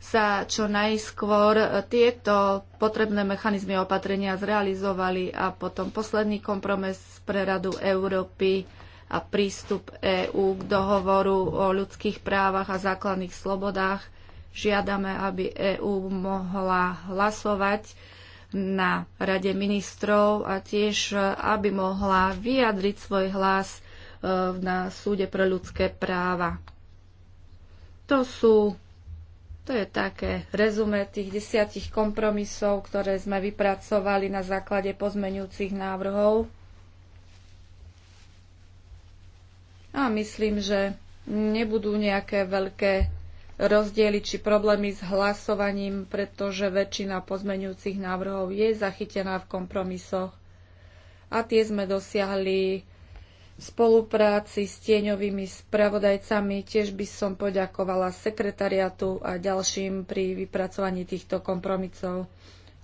sa čo najskôr tieto potrebné mechanizmy opatrenia zrealizovali a potom posledný kompromis pre Radu Európy a prístup EÚ k dohovoru o ľudských právach a základných slobodách. Žiadame, aby EÚ mohla hlasovať na Rade ministrov a tiež, aby mohla vyjadriť svoj hlas e, na súde pre ľudské práva. To sú to je také rezume tých desiatich kompromisov, ktoré sme vypracovali na základe pozmenujúcich návrhov. a myslím, že nebudú nejaké veľké rozdiely či problémy s hlasovaním, pretože väčšina pozmeňujúcich návrhov je zachytená v kompromisoch a tie sme dosiahli v spolupráci s tieňovými spravodajcami. Tiež by som poďakovala sekretariatu a ďalším pri vypracovaní týchto kompromisov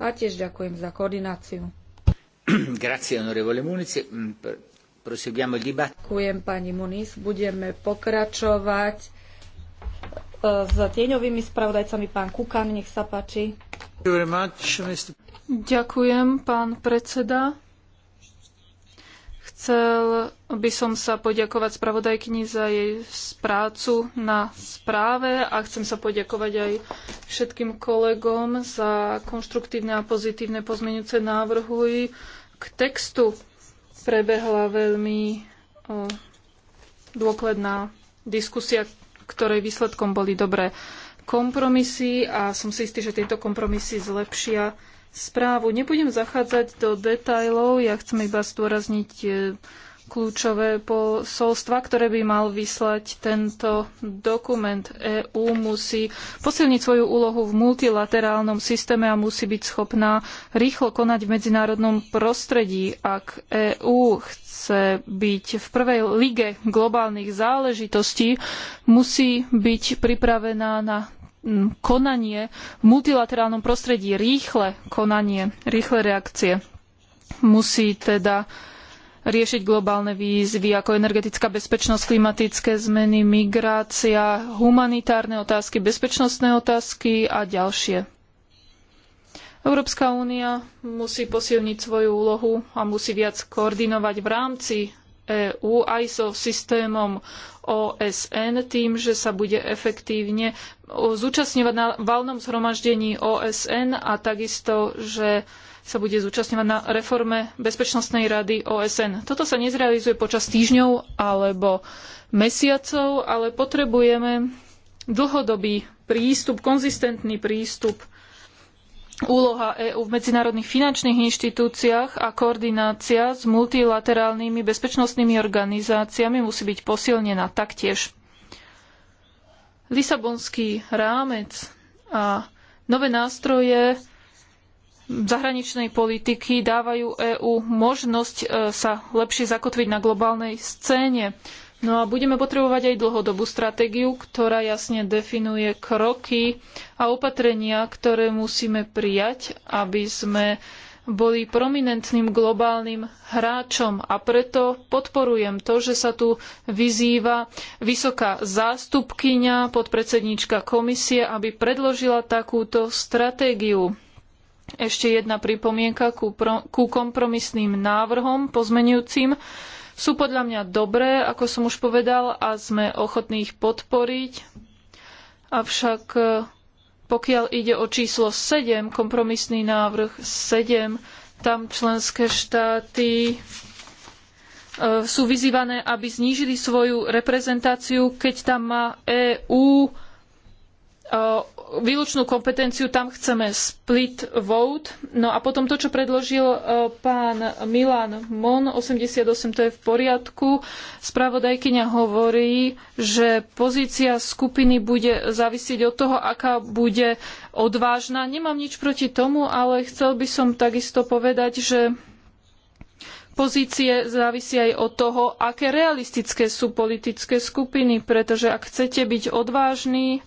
a tiež ďakujem za koordináciu. Grazie, onorevole Munici. Mm, Ďakujem pani Muniz. Budeme pokračovať e, s tieňovými spravodajcami. Pán Kukan, nech sa páči. Ďakujem, pán predseda. Chcel by som sa poďakovať spravodajkyni za jej prácu na správe a chcem sa poďakovať aj všetkým kolegom za konštruktívne a pozitívne pozmeňujúce návrhy k textu prebehla veľmi o, dôkladná diskusia, ktorej výsledkom boli dobré kompromisy a som si istý, že tieto kompromisy zlepšia správu. Nebudem zachádzať do detajlov, ja chcem iba zdôrazniť e, kľúčové posolstva, ktoré by mal vyslať tento dokument. EÚ musí posilniť svoju úlohu v multilaterálnom systéme a musí byť schopná rýchlo konať v medzinárodnom prostredí. Ak EÚ chce byť v prvej lige globálnych záležitostí, musí byť pripravená na konanie v multilaterálnom prostredí, rýchle konanie, rýchle reakcie. Musí teda riešiť globálne výzvy ako energetická bezpečnosť, klimatické zmeny, migrácia, humanitárne otázky, bezpečnostné otázky a ďalšie. Európska únia musí posilniť svoju úlohu a musí viac koordinovať v rámci EÚ aj so systémom OSN tým, že sa bude efektívne zúčastňovať na valnom zhromaždení OSN a takisto, že sa bude zúčastňovať na reforme Bezpečnostnej rady OSN. Toto sa nezrealizuje počas týždňov alebo mesiacov, ale potrebujeme dlhodobý prístup, konzistentný prístup úloha EÚ v medzinárodných finančných inštitúciách a koordinácia s multilaterálnymi bezpečnostnými organizáciami musí byť posilnená taktiež. Lisabonský rámec a nové nástroje zahraničnej politiky dávajú EÚ možnosť e, sa lepšie zakotviť na globálnej scéne. No a budeme potrebovať aj dlhodobú stratégiu, ktorá jasne definuje kroky a opatrenia, ktoré musíme prijať, aby sme boli prominentným globálnym hráčom a preto podporujem to, že sa tu vyzýva vysoká zástupkyňa, podpredsedníčka komisie, aby predložila takúto stratégiu. Ešte jedna pripomienka ku, pro, ku kompromisným návrhom pozmenujúcim. Sú podľa mňa dobré, ako som už povedal, a sme ochotní ich podporiť. Avšak e, pokiaľ ide o číslo 7, kompromisný návrh 7, tam členské štáty e, sú vyzývané, aby znížili svoju reprezentáciu, keď tam má EÚ výlučnú kompetenciu, tam chceme split vote. No a potom to, čo predložil pán Milan Mon, 88, to je v poriadku. Spravodajkyňa hovorí, že pozícia skupiny bude závisieť od toho, aká bude odvážna. Nemám nič proti tomu, ale chcel by som takisto povedať, že pozície závisia aj od toho, aké realistické sú politické skupiny, pretože ak chcete byť odvážni,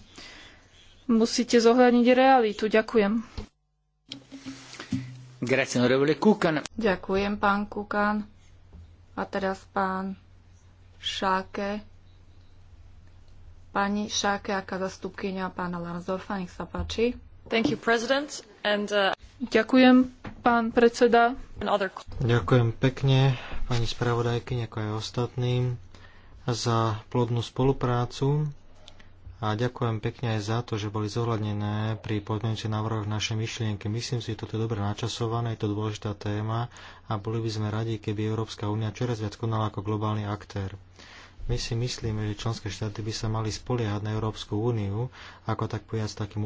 musíte zohľadniť realitu. Ďakujem. Ďakujem, pán Kukan. A teraz pán Šáke. Pani Šáke, aká zastupkynia pána Larzorfa, nech sa páči. Thank you, president. And, uh... Ďakujem, pán predseda. Other... Ďakujem pekne pani spravodajky, ako aj ostatným za plodnú spoluprácu a ďakujem pekne aj za to, že boli zohľadnené pri podmienčených návrhoch naše myšlienky. Myslím si, že toto je dobre načasované, je to dôležitá téma a boli by sme radi, keby Európska únia čoraz viac konala ako globálny aktér. My si myslíme, že členské štáty by sa mali spoliehať na Európsku úniu, ako tak povedať taký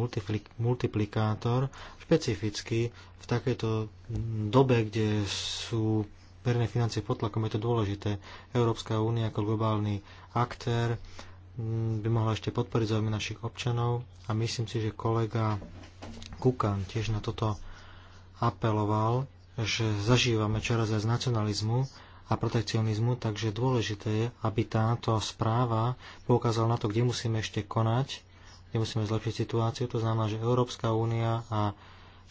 multiplikátor, špecificky v takejto dobe, kde sú verejné financie pod tlakom, je to dôležité. Európska únia ako globálny aktér Mm, by mohla ešte podporiť záujmy našich občanov a myslím si, že kolega Kukan tiež na toto apeloval, že zažívame čoraz viac nacionalizmu a protekcionizmu, takže dôležité je, aby táto správa poukázala na to, kde musíme ešte konať, kde musíme zlepšiť situáciu. To znamená, že Európska únia a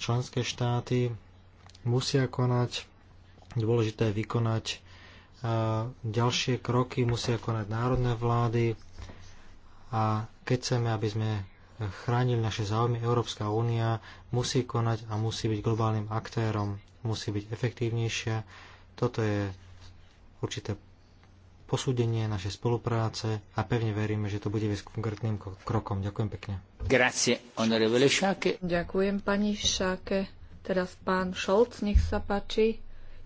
členské štáty musia konať, dôležité je vykonať eh, ďalšie kroky, musia konať národné vlády, a keď chceme, aby sme chránili naše záujmy, Európska únia musí konať a musí byť globálnym aktérom, musí byť efektívnejšia. Toto je určité posúdenie našej spolupráce a pevne veríme, že to bude viesť konkrétnym krokom. Ďakujem pekne. Grazie, onorevole Šáke. Ďakujem pani Šáke. Teraz pán Šolc, nech sa páči.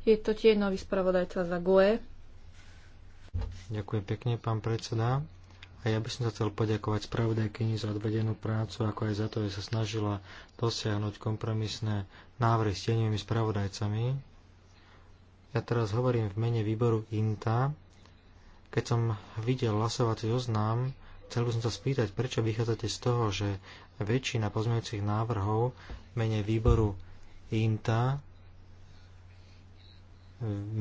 Je to tie nový spravodajca za GUE. Ďakujem pekne, pán predseda. A ja by som sa chcel poďakovať spravodajkyni za odvedenú prácu, ako aj za to, že sa snažila dosiahnuť kompromisné návrhy s tenými spravodajcami. Ja teraz hovorím v mene výboru INTA. Keď som videl hlasovací zoznam, chcel by som sa spýtať, prečo vychádzate z toho, že väčšina pozmeňujúcich návrhov v mene výboru INTA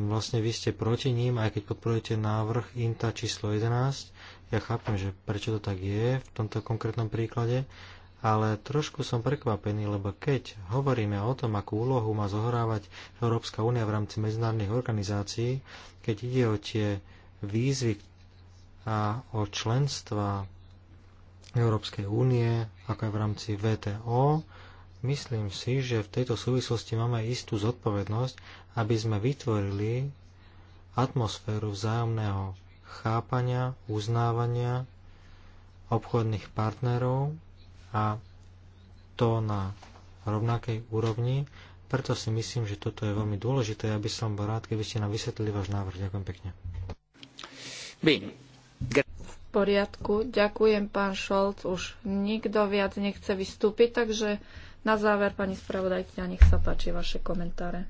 vlastne vy ste proti ním, aj keď podporujete návrh INTA číslo 11, ja chápem, že prečo to tak je v tomto konkrétnom príklade, ale trošku som prekvapený, lebo keď hovoríme o tom, akú úlohu má zohrávať Európska únia v rámci medzinárodných organizácií, keď ide o tie výzvy a o členstva Európskej únie, ako aj v rámci VTO, myslím si, že v tejto súvislosti máme istú zodpovednosť, aby sme vytvorili atmosféru vzájomného chápania, uznávania obchodných partnerov a to na rovnakej úrovni. Preto si myslím, že toto je veľmi dôležité. Ja by som bol rád, keby ste nám vysvetlili váš návrh. Ďakujem pekne. V poriadku. Ďakujem, pán Šolc. Už nikto viac nechce vystúpiť, takže na záver, pani spravodajkňa, nech sa páči vaše komentáre.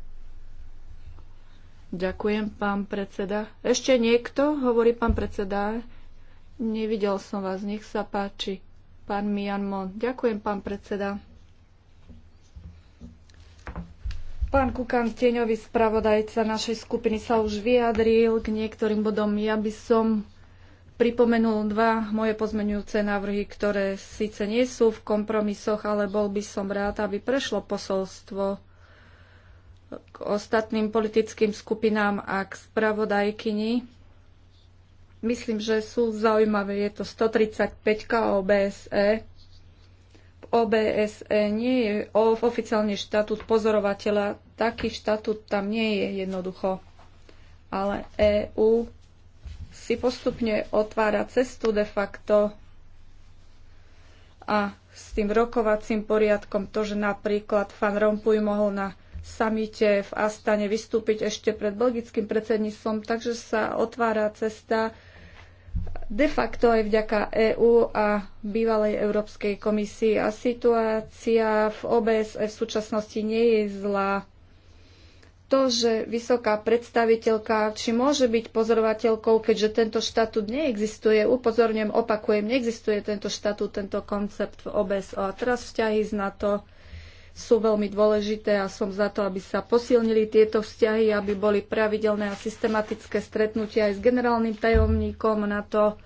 Ďakujem, pán predseda. Ešte niekto? Hovorí pán predseda. Nevidel som vás, nech sa páči. Pán Mianmon. Ďakujem, pán predseda. Pán Kukan, tieňový spravodajca našej skupiny, sa už vyjadril k niektorým bodom. Ja by som pripomenul dva moje pozmenujúce návrhy, ktoré síce nie sú v kompromisoch, ale bol by som rád, aby prešlo posolstvo k ostatným politickým skupinám a k spravodajkyni. Myslím, že sú zaujímavé. Je to 135 OBSE. V OBSE nie je oficiálne štatút pozorovateľa. Taký štatút tam nie je jednoducho. Ale EÚ si postupne otvára cestu de facto a s tým rokovacím poriadkom to, že napríklad Fan Rompuy mohol na samite v Astane vystúpiť ešte pred belgickým predsedníctvom, takže sa otvára cesta de facto aj vďaka EÚ a bývalej Európskej komisii. A situácia v OBSE v súčasnosti nie je zlá. To, že vysoká predstaviteľka, či môže byť pozorovateľkou, keďže tento štatút neexistuje, upozorňujem, opakujem, neexistuje tento štatút, tento koncept v OBSO. E. A teraz vzťahy z NATO sú veľmi dôležité a som za to, aby sa posilnili tieto vzťahy, aby boli pravidelné a systematické stretnutia aj s generálnym tajomníkom na to,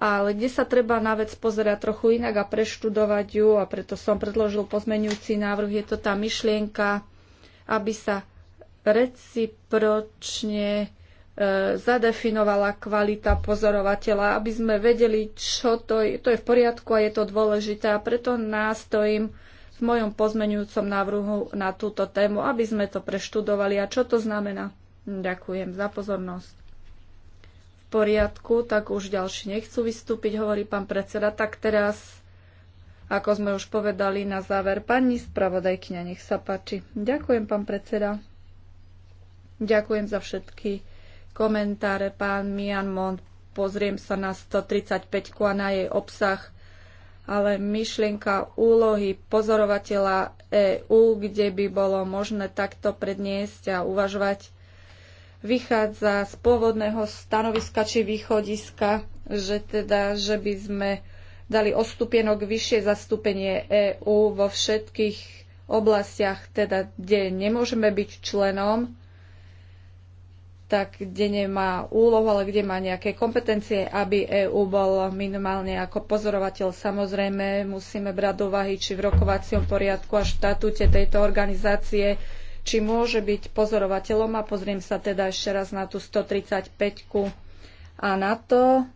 ale kde sa treba na vec pozerať trochu inak a preštudovať ju a preto som predložil pozmenujúci návrh. Je to tá myšlienka, aby sa recipročne e, zadefinovala kvalita pozorovateľa, aby sme vedeli, čo to je, to je v poriadku a je to dôležité. A preto nástojím mojom pozmeňujúcom návrhu na túto tému, aby sme to preštudovali a čo to znamená. Ďakujem za pozornosť. V poriadku, tak už ďalší nechcú vystúpiť, hovorí pán predseda. Tak teraz, ako sme už povedali na záver, pani spravodajkňa, nech sa páči. Ďakujem, pán predseda. Ďakujem za všetky komentáre. Pán Mian Mont, pozriem sa na 135 a na jej obsah ale myšlienka úlohy pozorovateľa EÚ, kde by bolo možné takto predniesť a uvažovať, vychádza z pôvodného stanoviska či východiska, že teda, že by sme dali ostupienok vyššie zastúpenie EÚ vo všetkých oblastiach, teda kde nemôžeme byť členom, tak kde nemá úlohu, ale kde má nejaké kompetencie, aby EÚ bol minimálne ako pozorovateľ. Samozrejme, musíme brať do úvahy, či v rokovacom poriadku a štatúte tejto organizácie, či môže byť pozorovateľom. A pozriem sa teda ešte raz na tú 135 a na to.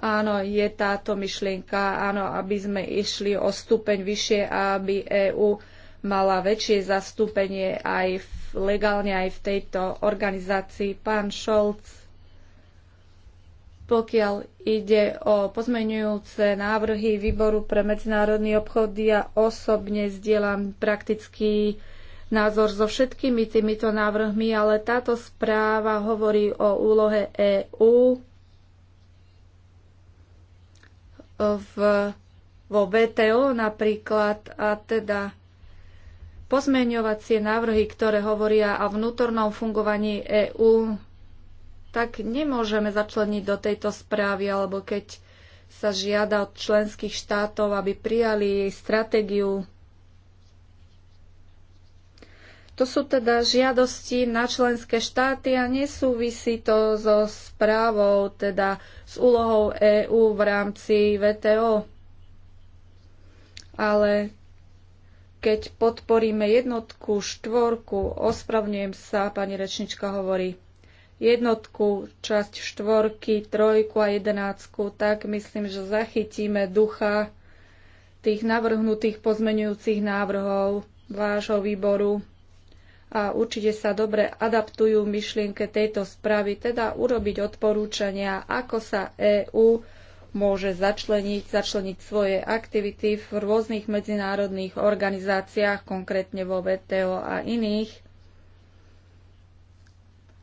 Áno, je táto myšlienka, áno, aby sme išli o stupeň vyššie a aby EÚ mala väčšie zastúpenie aj v legálne aj v tejto organizácii. Pán Šolc, pokiaľ ide o pozmenujúce návrhy výboru pre medzinárodný obchod, ja osobne zdieľam praktický názor so všetkými týmito návrhmi, ale táto správa hovorí o úlohe EÚ vo VTO napríklad a teda pozmeňovacie návrhy, ktoré hovoria o vnútornom fungovaní EÚ, tak nemôžeme začleniť do tejto správy, alebo keď sa žiada od členských štátov, aby prijali jej stratégiu. To sú teda žiadosti na členské štáty a nesúvisí to so správou, teda s úlohou EÚ v rámci VTO. Ale keď podporíme jednotku, štvorku, ospravňujem sa, pani rečnička hovorí, jednotku, časť štvorky, trojku a jedenácku, tak myslím, že zachytíme ducha tých navrhnutých pozmenujúcich návrhov vášho výboru a určite sa dobre adaptujú myšlienke tejto správy, teda urobiť odporúčania, ako sa EÚ môže začleniť, začleniť svoje aktivity v rôznych medzinárodných organizáciách, konkrétne vo VTO a iných,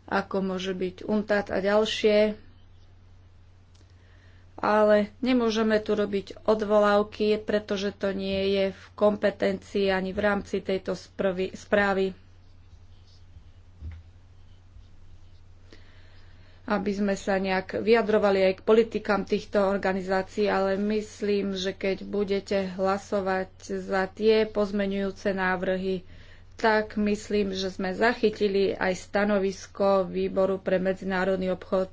ako môže byť UNTAD a ďalšie. Ale nemôžeme tu robiť odvolávky, pretože to nie je v kompetencii ani v rámci tejto správy. aby sme sa nejak vyjadrovali aj k politikám týchto organizácií, ale myslím, že keď budete hlasovať za tie pozmenujúce návrhy, tak myslím, že sme zachytili aj stanovisko Výboru pre medzinárodný obchod.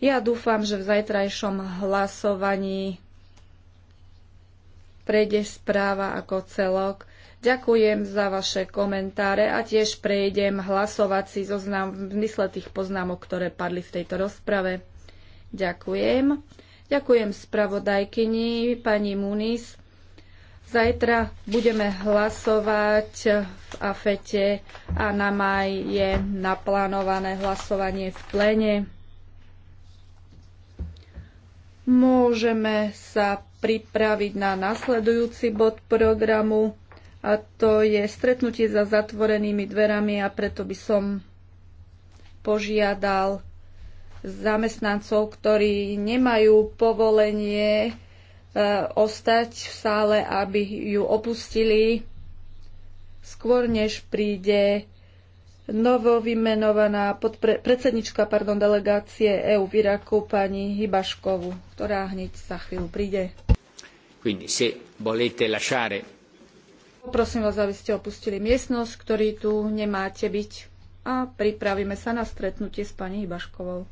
Ja dúfam, že v zajtrajšom hlasovaní prejde správa ako celok Ďakujem za vaše komentáre a tiež prejdem hlasovací zoznam v mysle tých poznámok, ktoré padli v tejto rozprave. Ďakujem. Ďakujem spravodajkyni pani Munis. Zajtra budeme hlasovať v AFETE a na maj je naplánované hlasovanie v plene. Môžeme sa pripraviť na nasledujúci bod programu a to je stretnutie za zatvorenými dverami a preto by som požiadal zamestnancov, ktorí nemajú povolenie e, ostať v sále, aby ju opustili skôr, než príde novovymenovaná podpre- predsednička pardon, delegácie EU v Iraku pani Hybaškovu, ktorá hneď za chvíľu príde. Quindi, se volete lasciare Poprosím vás, aby ste opustili miestnosť, ktorý tu nemáte byť a pripravíme sa na stretnutie s pani Ibaškovou.